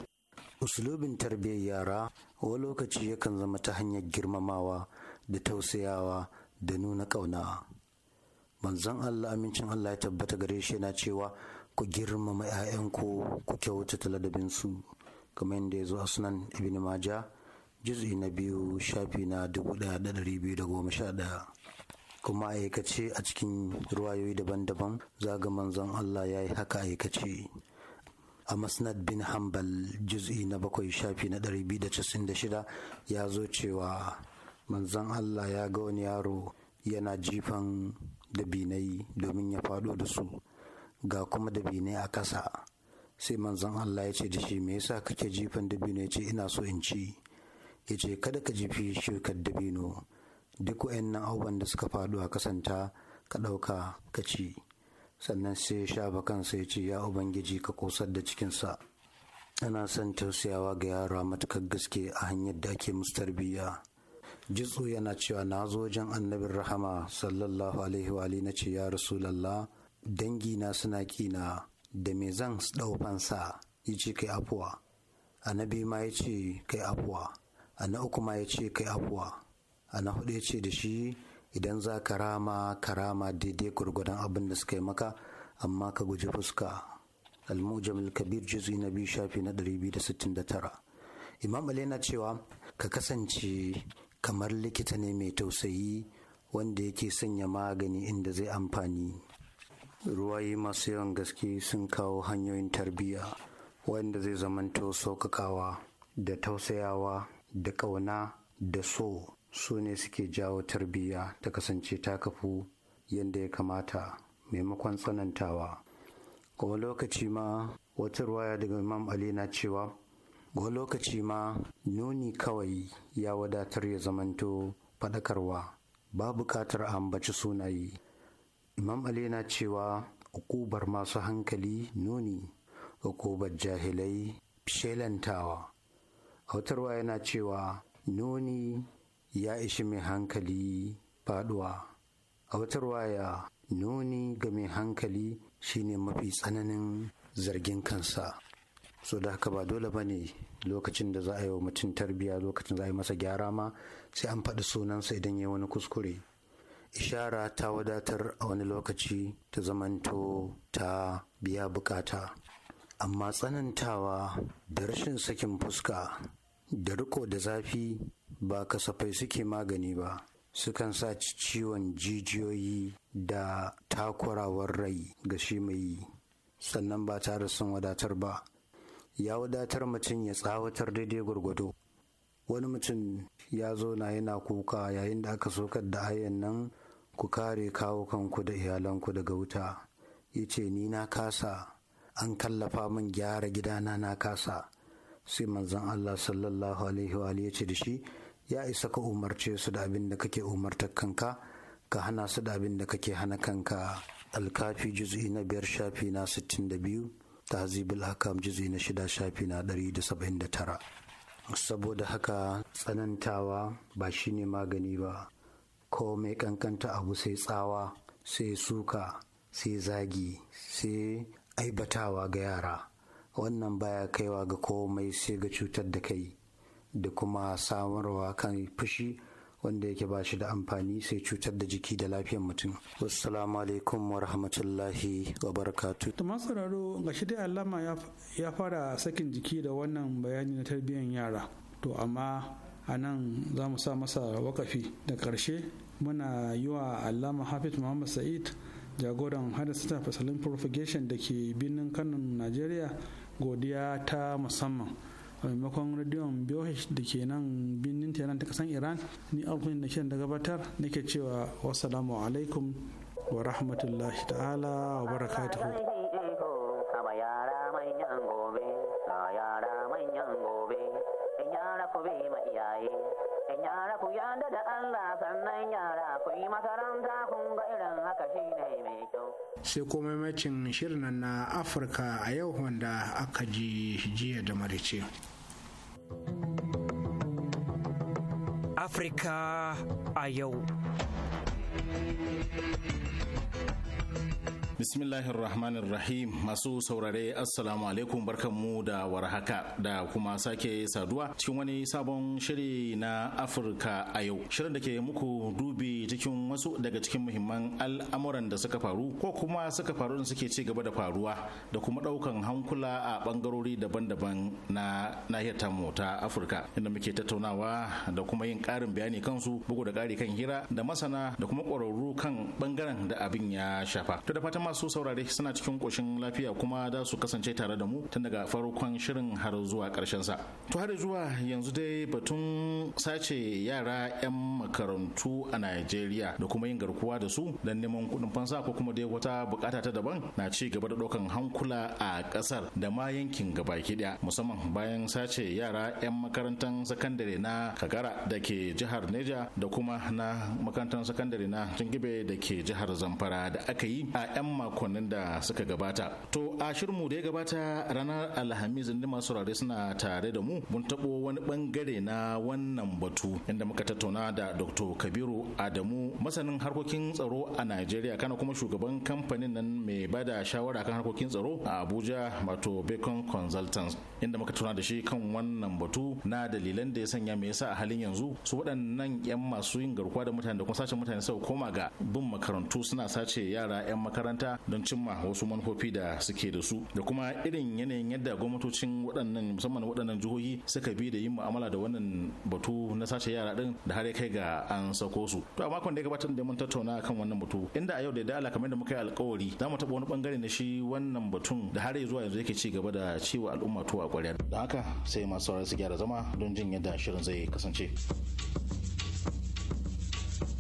usulubin tarbiyyar yara wani lokaci yakan zama ta hanyar girmamawa da tausayawa da nuna ƙauna manzon allah amincin allah ya tabbata gare shi yana cewa ku girmama 'ya'yanku ku kyauta taladabinsu kamar yadda ya zo a sunan ibn maja juz'i na biyu shafi na ɗaya. kuma aikace a cikin ruwayoyi daban-daban zaga manzon Allah ya yi haka aikace a masnad bin hambal juz'i na bakwai shafi na shida ya zo cewa manzon Allah ya ga wani yaro yana jifan dabinai binai domin ya faɗo da su ga kuma dabine a ƙasa sai manzon Allah ya ce da shi me yasa kake jifan dabino ya ce ina so in ci ya ce kada ka jifi shukar dabino duk wa'annan abubuwan da suka faɗo a kasanta ka ɗauka ka ci sannan sai ya shafa kansa ya ce ya ubangiji ka kosar da cikinsa ana son tausayawa ga yara matukar gaske a hanyar da ake musu tarbiyya jitsu yana cewa na zo wajen annabin rahama sallallahu alaihi wa na ce ya rasulallah dangina suna kina da me zan ɗaufansa fansa ya ce kai afuwa a na biyu ma ya ce kai afuwa a na uku ma ya ce kai afuwa a na hudu ya ce da shi idan za ka rama ka rama daidai gwargwadon abin da suka yi maka amma ka guji fuska almujamil kabir juzi na biyu shafi na 269 imam ali na cewa ka kasance kamar likita ne mai tausayi wanda yake sanya magani inda zai amfani ruwayi masu yawan gaske sun kawo hanyoyin tarbiyya wanda zai zamanto sokakawa da tausayawa da ƙauna da so su ne suke jawo tarbiyya ta kasance ta kafu yadda ya kamata maimakon tsanantawa kuma lokaci ma wata ruwaya daga imam ali na cewa ko lokaci ma nuni kawai ya wadatar ya zamanto faɗakarwa ba buƙatar ambaci sunayi imam ali yana cewa ukubar masu hankali nuni ukubar jahilai shelantawa hautarwa yana cewa nuni ya ishi mai hankali faduwa hautarwa ya nuni ga mai hankali shine mafi tsananin zargin kansa so da haka ba dole ba ne lokacin da za a yi wa mutum tarbiya lokacin za a yi masa gyara ma sai an faɗi sunansa idan ya yi wani kuskure ishara ta wadatar a wani lokaci ta zamanto ta biya bukata amma tsanantawa da rashin sakin fuska da riko da zafi ba kasafai suke magani ba sukan sa ciwon jijiyoyi da takurawar rai ga shi mai sannan ba tare sun wadatar ba ya wadatar mutum ya tsawatar daidai gwargwado wani mutum ya zo na yana kuka yayin da aka sokar da hayan nan ku kare kawo kanku da iyalanku daga wuta ya ce ni na kasa an kallafa min gyara gidana na kasa sai manzon Allah sallallahu alaihi wa ya ce da shi ya isa ka umarce su da abin da kake umartar kanka ka hana su da abin da kake hana kanka alkafi juz'i na biyar shafi na sittin da biyu tahzibul hakam juz'i na shida shafi na ɗari da saboda haka tsanantawa ba shine magani ba komai kankanta abu sai tsawa sai suka sai zagi sai aibatawa ga yara wannan baya kaiwa ga komai sai ga cutar da kai da kuma samarwa kan fushi wanda yake ba shi da amfani sai cutar da jiki da lafiyar mutum. Wassalamu alaikum wa rahmatullahi wa barakatu. Tumar sauraro ga dai alama ya fara sakin jiki da wannan bayani na tarbiyyar yara. To amma a nan za mu sa masa wakafi da karshe muna yi wa allama hafiz muhammad sa'id jagoran hadasa fasalin propagation da ke birnin kano nigeria godiya ta musamman a maimakon radiyon BOH da ke nan birnin tehran ta kasan iran ni alkunin da shirin da gabatar nake cewa wasu alaikum wa rahmatullahi ta'ala wa barakatuhu sai kuma mamacin shirin na afirka a yau wanda aka ji jiya da marice afirka a yau Bismillahir Rahmanir masu saurare Assalamu alaikum barkanmu da warhaka da kuma sake saduwa cikin wani sabon shiri na Afirka a yau. Shirin da ke muku dubi cikin wasu daga cikin muhimman al'amuran da suka faru ko kuma suka faru da suke ci gaba da faruwa da kuma daukan hankula a bangarori daban-daban na nahiyar tamu ta Afirka inda muke tattaunawa da kuma yin karin bayani kansu bugu da kari kan hira da masana da kuma kwararru kan bangaren da abin ya shafa. To da fatan masu saurare suna cikin koshin lafiya kuma za su kasance tare da mu tun daga farkon shirin har zuwa karshen sa to har zuwa yanzu dai batun sace yara 'yan makarantu a Najeriya da kuma yin garkuwa da su don neman kudin fansa ko kuma dai wata bukata ta daban na ci gaba da ɗaukan hankula a kasar da ma yankin gabaki ɗaya musamman bayan sace yara 'yan makarantar sakandare na Kagara da ke jihar Neja da kuma na makarantar sakandare na Jingibe da ke jihar Zamfara da aka yi a 'yan makonnin da suka gabata to a shirmu da ya gabata ranar alhamis da masu rare suna tare da mu mun tabo wani bangare na wannan batu inda muka tattauna da dr kabiru adamu masanin harkokin tsaro a najeriya kana kuma shugaban kamfanin nan mai bada shawara kan harkokin tsaro a abuja wato bacon consultants inda muka tattauna da shi kan wannan batu na dalilan da ya sanya me yasa a halin yanzu su waɗannan 'yan masu yin garkuwa da mutane da kuma sace mutane sau koma ga bin makarantu suna sace yara 'yan makaranta mata don cimma wasu manufofi da suke da su da kuma irin yanayin yadda gwamnatocin waɗannan musamman waɗannan jihohi suka bi da yin mu'amala da wannan batu na sace yara din da har ya kai ga an sako su to a makon da ya gabata da mun tattauna kan wannan batu inda a yau da ya Allah kamar da muka yi alkawari za mu taɓa wani bangare na shi wannan batun da har zuwa yanzu yake ci gaba da ciwo al'umma tuwa a ƙwarya don haka sai masu saurari su gyara zama don jin yadda shirin zai kasance.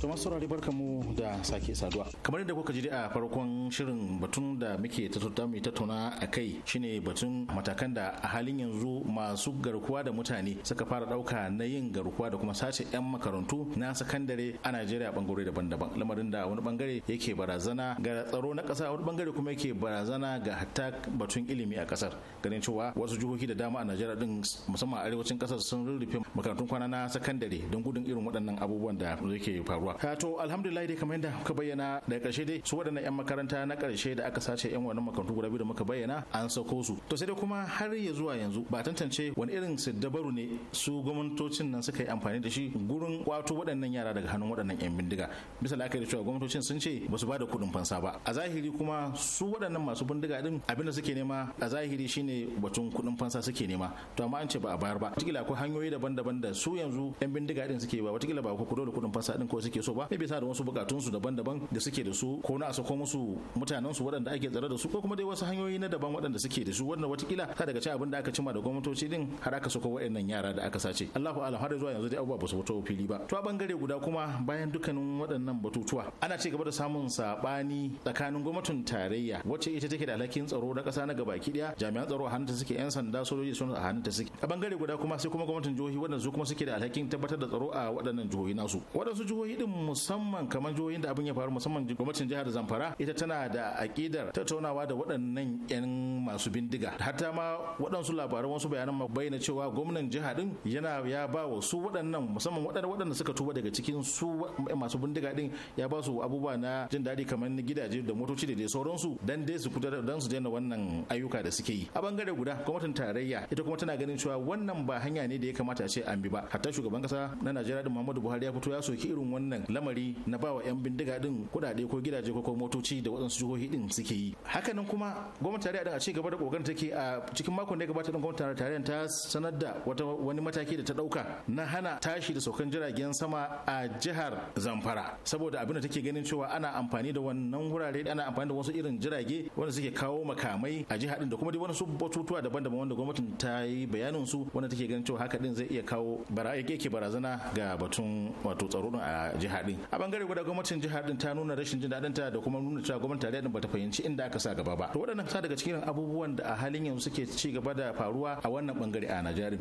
to masu saurari barka mu da sake saduwa kamar yadda kuka ji a farkon shirin batun da muke tattauna a kai shine batun matakan da a halin yanzu masu garkuwa da mutane suka fara dauka na yin garkuwa da kuma sace yan makarantu na sakandare a Najeriya bangare daban-daban lamarin da wani bangare yake barazana ga tsaro na kasa wani bangare kuma yake barazana ga hatta batun ilimi a kasar ganin cewa wasu jihohi da dama a Najeriya din musamman arewacin kasar sun rurrufe makarantun kwana na sakandare don gudun irin waɗannan abubuwan da yake faruwa Ka to alhamdulillah dai kamar yadda kuka bayyana daga karshe dai su waɗannan yan makaranta na karshe da aka sace yan wannan makarantu guda biyu da muka bayyana an sako su to sai dai kuma har ya zuwa yanzu ba tantance wani irin siddabaru ne su gwamnatocin nan suka yi amfani da shi gurin kwato waɗannan yara daga hannun waɗannan yan bindiga bisa la'akari cewa gwamnatocin sun ce ba su ba da kuɗin fansa ba a zahiri kuma su waɗannan masu bindiga din abinda suke nema a zahiri shine batun kuɗin fansa suke nema to amma an ce ba a bayar ba watakila akwai hanyoyi daban-daban da su yanzu yan bindiga din suke ba watakila ba ku dole kuɗin fansa din ko suke so ba bisa da wasu bukatun su daban-daban da suke da su ko na a sako musu mutanen su waɗanda ake tsare da su ko kuma dai wasu hanyoyi na daban waɗanda suke da su wanda watakila ta daga ci abin da aka cima da gwamnatoci din har aka sako waɗannan yara da aka sace Allahu alam har zuwa yanzu dai abubuwa ba su fito fili ba to a bangare guda kuma bayan dukkanin waɗannan batutuwa ana ci gaba da samun sabani tsakanin gwamnatin tarayya wacce ita take da alhakin tsaro na ƙasa na gabaki daya jami'an tsaro a hannunta suke yan sanda sojoji sun a hannunta suke a bangare guda kuma sai kuma gwamnatin jihohi waɗanda su kuma suke da alhakin tabbatar da tsaro a waɗannan jihohi nasu waɗansu jihohi din musamman kamar jihohin da abin ya faru musamman gwamnatin jihar zamfara ita tana da akidar tattaunawa da waɗannan 'yan masu bindiga hatta ma waɗansu labaran wasu bayanan ma bayyana cewa gwamnan jiha din yana ya ba wa su waɗannan musamman waɗanda waɗanda suka tuba daga cikin su masu bindiga din ya ba su abubuwa na jin daɗi kamar na gidaje da motoci da dai sauransu dan dai su kudar dan su daina wannan ayyuka da suke yi a bangare guda gwamnatin tarayya ita kuma tana ganin cewa wannan ba hanya ne da ya kamata a ce an bi ba hatta shugaban kasa na Najeriya da Muhammadu Buhari ya fito ya soki irin wannan lamari na bawa 'yan bindiga din kuɗaɗe ko gidaje ko motoci da waɗansu jihohi din suke yi hakanan kuma gwamnati tarayya din a ci gaba da kokarin take a cikin makon da ya gabata din gwamnati tarayya ta sanar da wata wani mataki da ta dauka na hana tashi da saukan jiragen sama a jihar Zamfara saboda abin da take ganin cewa ana amfani da wannan wurare ana amfani da wasu irin jirage wanda suke kawo makamai a jihar din da kuma wani su batutuwa daban-daban wanda gwamnatin ta yi bayanin su wanda take ganin cewa haka din zai iya kawo bara yake barazana ga batun wato tsaro a jiha din a bangare guda gwamnatin jihar din ta nuna rashin jin daɗin ta da kuma nuna cewa gwamnatin tarayya din bata fahimci inda aka sa gaba ba to waɗannan sa daga cikin abubuwan da a halin yanzu suke ci gaba da faruwa a wannan bangare a Najeriya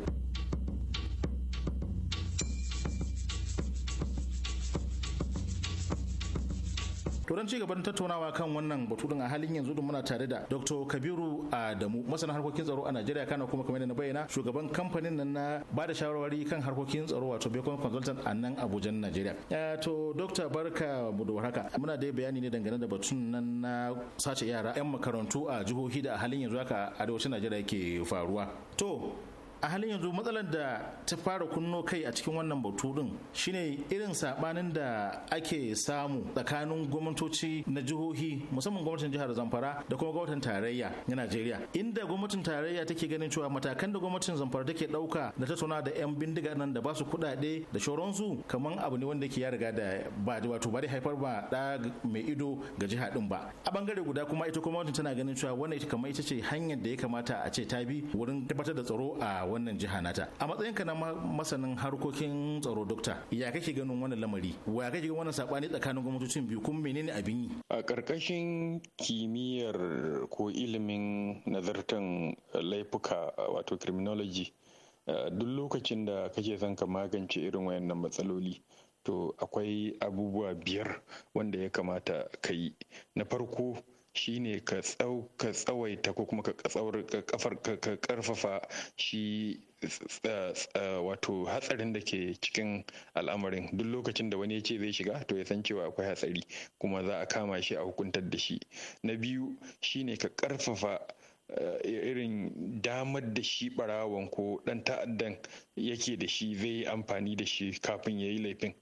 don ci gaban tattaunawa kan wannan batu a halin yanzu muna tare da Dr. Kabiru Adamu masana harkokin tsaro a Najeriya kana kuma kamar na bayyana shugaban kamfanin nan na ba da shawarwari kan harkokin tsaro wato Becon Consultant a nan Abuja Najeriya. To Dr. Barka mu da warhaka muna da bayani ne dangane da batun nan na sace yara 'yan makarantu a jihohi da a halin yanzu haka a arewacin Najeriya ke faruwa. To a halin yanzu matsalar da ta fara kunno kai a cikin wannan batu din shine irin sabanin da ake samu tsakanin gwamnatoci na jihohi musamman gwamnatin jihar zamfara da kuma gwamnatin tarayya na najeriya inda gwamnatin tarayya take ganin cewa matakan da gwamnatin zamfara take dauka da ta tuna da yan bindiga nan da basu su kuɗaɗe da shauransu kamar abu ne wanda ke ya riga da ba wato ba haifar ba da mai ido ga jiha din ba a bangare guda kuma ita kuma gwamnatin tana ganin cewa wannan ita kamar ita ce hanyar da ya kamata a ce ta bi wurin tabbatar da tsaro a wannan jiha nata a matsayinka na masanin harkokin tsaro dokta ya kake ganin wannan lamari wa kake ganin wannan sabani tsakanin gwamnatocin biyu kuma menene abin yi a karkashin kimiyyar ko ilimin nazartan laifuka wato criminology duk lokacin da kake son ka magance irin wayannan matsaloli to akwai abubuwa biyar wanda ya kamata ka yi na farko shine ka tsau ka tsawaita ko kuma ka ka karfafa shi wato hatsarin da ke cikin al'amarin duk lokacin da wani ya ce zai shiga to ya san cewa akwai hatsari kuma za a kama shi a hukuntar da shi na biyu shine ka karfafa eh, irin damar da shi ɓarawon ko ɗan ta'addan yake da shi zai yi amfani da shi kafin ya yi laifin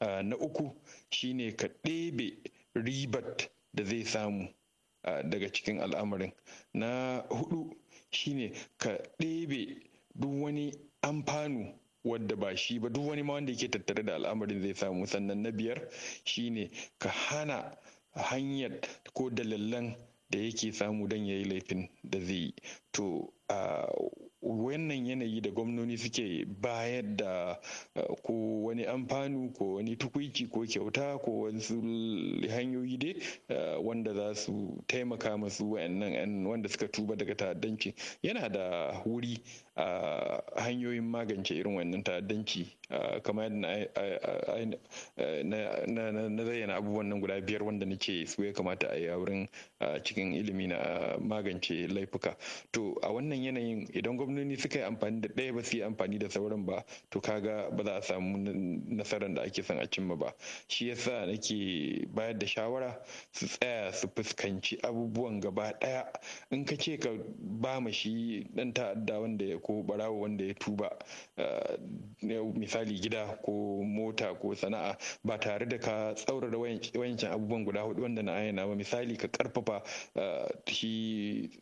ah, na uku shine ka ɗebe ribar da zai samu daga cikin al'amarin na hudu shine ka ɗebe duk wani amfanu wadda ba shi ba duk wani ma wanda yake tattare da al'amarin zai samu sannan na biyar shine ka hana hanyar ko dalilan da yake samu don ya yi laifin da zai yi to wannan yanayi da gwamnoni suke bayar da eh, ko wani amfanu ko wani tukuiki ko kyauta ko wasu hanyoyi dai eh, wanda za su taimaka masu wa'annan wanda suka tuba daga ta'addanci yana da wuri hanyoyin magance irin wannan ta'addanci kamar yadda na zayyana abubuwan nan guda biyar wanda na ce su ya kamata a yi a wurin cikin ilimi na magance laifuka to a wannan yanayin idan gwamnoni suka yi amfani da ɗaya ba su yi amfani da sauran ba to kaga ba za a samu nasarar da ake son a cimma ba shi yasa nake bayar da shawara su tsaya su fuskanci abubuwan gaba ɗaya in ka ce ka ba ma shi ɗan ta'adda wanda ya ko barawo wanda ya tuba eh, misali gida ko mota ko sana'a ba tare da ka tsaurara wayancin abubuwan guda hudu wanda na ayyana ba misali ka karfafa eh, shi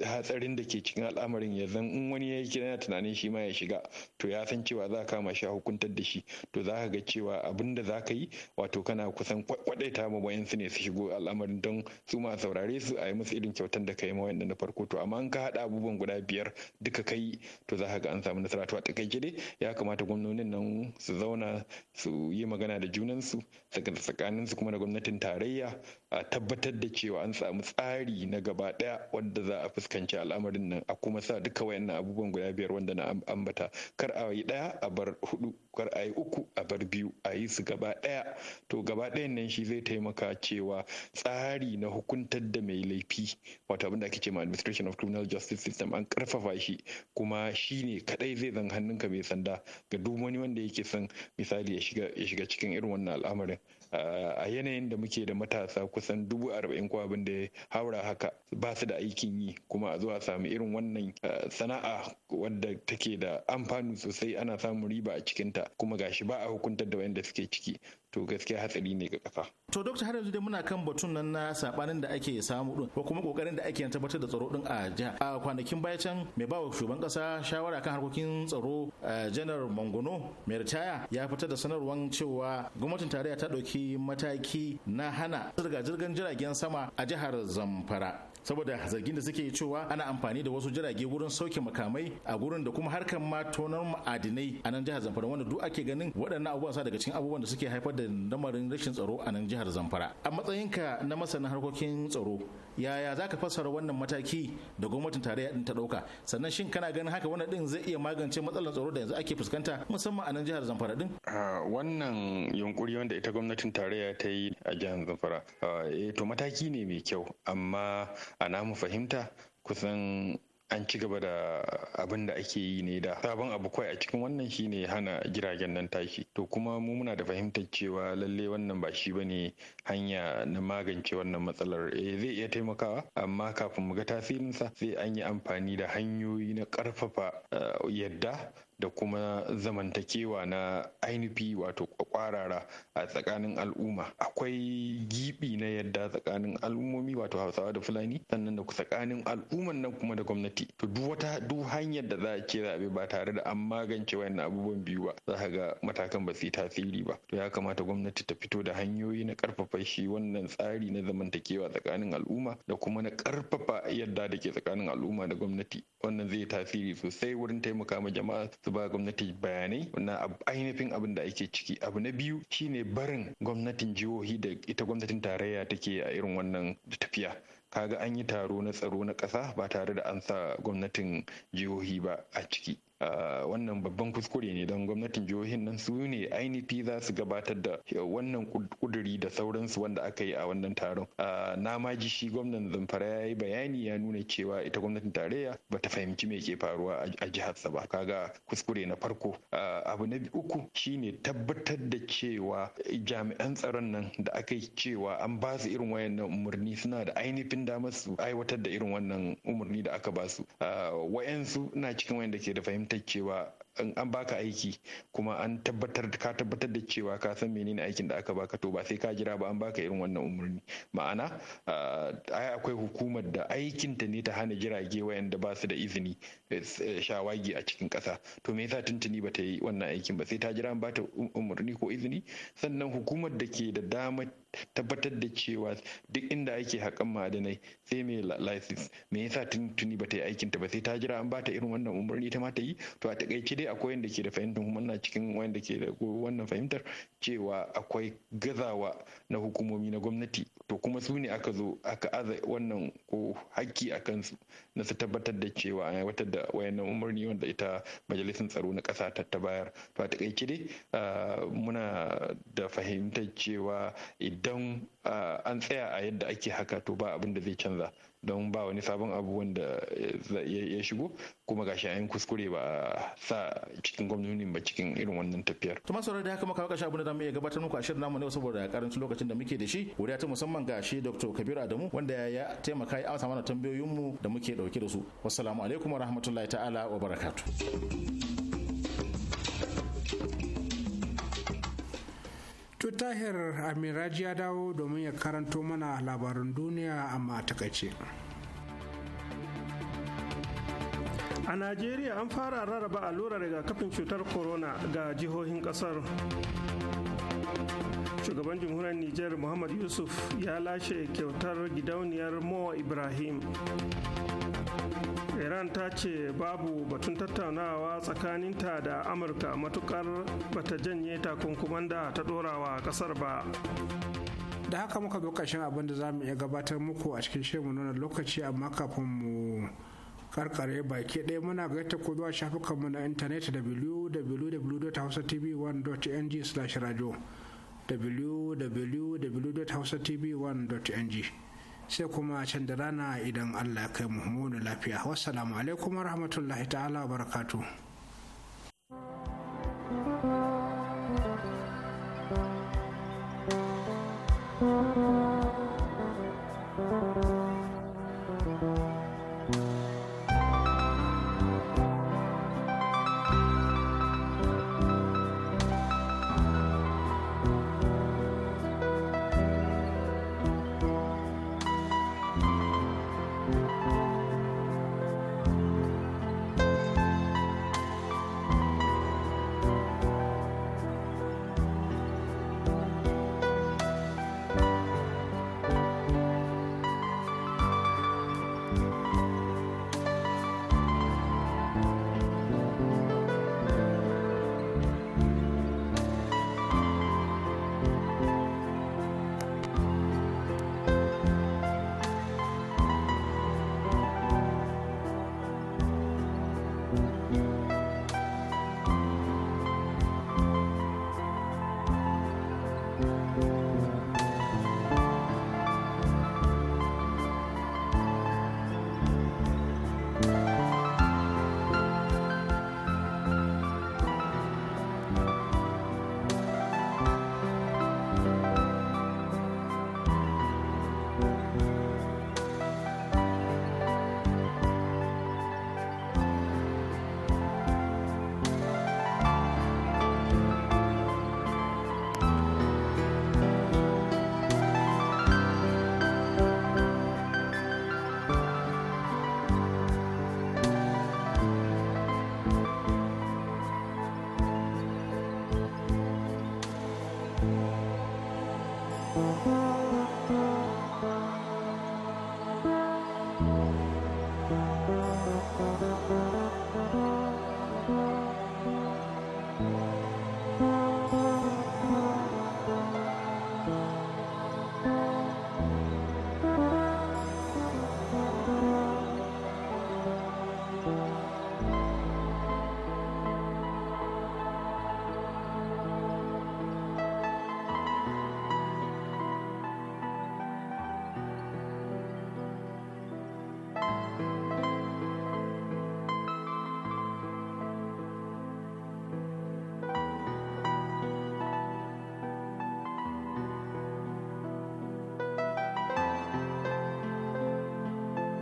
hatsarin da ke cikin al'amarin ya zan in wani ya yi tunanin shi ma ya shiga to ya san cewa za ka kama shi a hukuntar da shi to za ka ga cewa abin da za ka yi wato kana kusan kwadaita ma wayansu ne su shigo al'amarin don su ma saurare su a yi musu irin kyautar da ka yi ma wayan na farko to amma in ka haɗa abubuwan guda biyar duka kai to za za ga an samu nasara a takaice dai ya kamata gwamnonin nan su zauna su yi magana da junansu tsakaninsu kuma da gwamnatin tarayya a tabbatar da cewa an samu tsari na gaba daya wanda za a fuskanci al'amarin nan a kuma sa duka wayannan abubuwan guda biyar wanda na ambata kar a yi daya a bar hudu kar a yi uku a bar biyu a yi su gaba daya to gaba dayan nan shi zai taimaka cewa tsari na hukuntar da mai laifi wato abinda ake ce ma administration of criminal justice system an karfafa shi kuma shi ne kadai zai zan hannunka mai sanda ga duk wani wanda yake son misali ya shiga cikin irin wannan al'amarin a yanayin da muke da matasa kusan dubu arba'in ko abin da ya haura haka ba su da aikin yi kuma a zuwa samu irin wannan sana'a wadda take da amfani sosai ana samun riba a cikinta kuma gashi ba a hukuntar da wayanda suke ciki to gaskiya hatsari ne ga kasa. To dokta har yanzu dai muna kan batun nan na sabanin da ake samu din ko kuma kokarin da ake tabbatar da tsaro din a jiha. A kwanakin baya can mai bawa shugaban kasa shawara kan harkokin tsaro janar Mangono mai ritaya ya fitar da sanarwar cewa gwamnatin tarayya ta dauki mataki na hana zirga-zirgar jiragen sama a jihar Zamfara. saboda zargin da suke cewa ana amfani da wasu jirage wurin sauke makamai a gurin da kuma harkar ma tonar ma'adinai a nan jihar Zamfara wanda duk ake ganin waɗannan abubuwan sa daga cikin abubuwan da suke haifar da lamarin rashin tsaro a nan jihar Zamfara a matsayinka na masanin harkokin tsaro yaya zaka fassara wannan mataki da gwamnatin tarayya din ta dauka sannan shin kana ganin haka wannan din zai iya magance matsalar tsaro da yanzu ake fuskanta musamman a nan jihar Zamfara din wannan yunkuri wanda ita gwamnatin tarayya ta yi a jihar Zamfara eh, to mataki ne mai kyau amma a namu fahimta kusan an ci gaba da abin da ake yi ne da sabon abu kawai a cikin wannan shine hana jiragen nan tashi to kuma mu muna da fahimtar cewa lalle wannan ba shi bane hanya na magance wannan matsalar eh zai iya taimakawa amma kafin mu ga tasirinsa sai an yi amfani da hanyoyi na karfafa eh, yadda da kuma zamantakewa na ainihi wato kwarara a tsakanin al'umma akwai gibi na yadda tsakanin al'ummomi wato hausawa da fulani sannan da tsakanin al'umman nan kuma da gwamnati to duk wata duk hanyar da za a ce zaɓe ba tare da an magance wayannan abubuwan biyu ba za ka ga matakan ba su yi tasiri ba to ya kamata gwamnati ta fito da hanyoyi na karfafa shi wannan tsari na zamantakewa tsakanin al'umma da kuma na karfafa yadda da ke tsakanin al'umma da gwamnati wannan zai tasiri sosai wurin taimaka ma jama'a su ba gwamnati bayanai na ainihin abin da ake ciki abu na biyu shine barin gwamnatin jihohi da ita gwamnatin tarayya take a irin wannan tafiya kaga an yi taro na tsaro na ƙasa ba tare da an sa gwamnatin jihohi ba a ciki Ah, wannan babban kuskure ne don gwamnatin jihohin nan su ne ainihi za su gabatar da wannan kuduri da sauransu wanda aka yi a wannan taron ah, na ma ji shi gwamnan zamfara ya yi bayani ya nuna cewa ita gwamnatin tarayya ba ta fahimci me ke faruwa a jiharsa ba kaga kuskure na farko ah, abu na uku shi ne tabbatar da cewa jami'an tsaron nan da aka yi cewa an ba su irin wayannan umarni suna da ainihin damar su aiwatar da irin wannan umarni da aka ba su wayansu na cikin wayanda ke da fahimta fahimtar in an baka aiki kuma an tabbatar ka tabbatar da cewa ka san menene aikin da aka baka to ba sai ka jira ba an baka irin wannan umarni ma'ana ai akwai hukumar da aikin ta ne ta hana jirage wayanda ba su da izini eh, eh, shawagi a cikin kasa to me yasa tuntuni ba ta yi wannan aikin ba sai ta jira an bata umarni ko izini sannan hukumar da ke da damar tabbatar da cewa duk inda ake haƙan ma'adanai sai mai lasis, me yasa tuni ba ta yi aikin ta ba sai ta jira an bata irin wannan umarni ta ma ta yi to a takaice dai akwai wanda ke da fahimtar kuma na cikin wanda ke da wannan fahimtar cewa akwai gazawa na hukumomi na gwamnati to kuma su ne aka zo aka aza wannan ko hakki a kansu na su tabbatar da cewa an aiwatar da wayannan umarni wanda ita majalisun tsaro na ƙasa ta bayar to a taƙaice dai muna da fahimtar cewa idan an tsaya a yadda ake haka to ba abin da zai canza don ba wani sabon abu wanda ya shigo kuma ga shayin kuskure ba sa cikin gwamnonin ba cikin irin wannan tafiyar. to masu da haka maka kashi shabu da zamu iya gabatar muku a shirin namu ne saboda karancin lokacin da muke da shi wuri ta musamman ga shi dr kabiru adamu wanda ya taimaka ya amsa mana tambayoyin mu da muke dauke da su wassalamu alaikum wa rahmatullahi ta'ala wa barakatuh. to tahir amiraji ya dawo domin ya karanto mana labarin duniya amma a takaice a najeriya an fara rarraba allurar rigakafin cutar corona ga jihohin kasar shugaban jamhuriyar Nijar, muhammad yusuf ya lashe kyautar gidauniyar mo ibrahim iran ta ce babu batun tattaunawa tsakaninta da amurka matukar bata janye takunkuman da ta dorawa kasar ba da haka muka zo karshen abin da za mu iya gabatar muku a cikin shirin nuna lokaci amma kafin mu karkare baki ɗaya muna gaita ko zuwa shafukanmu na intanet www.hausatv1.ng/radio www.hausatv1.ng sai kuma can da rana idan allah ya kai mu lafiya wassalamu alaikum rahmatullahi ta'ala barakatu. thank you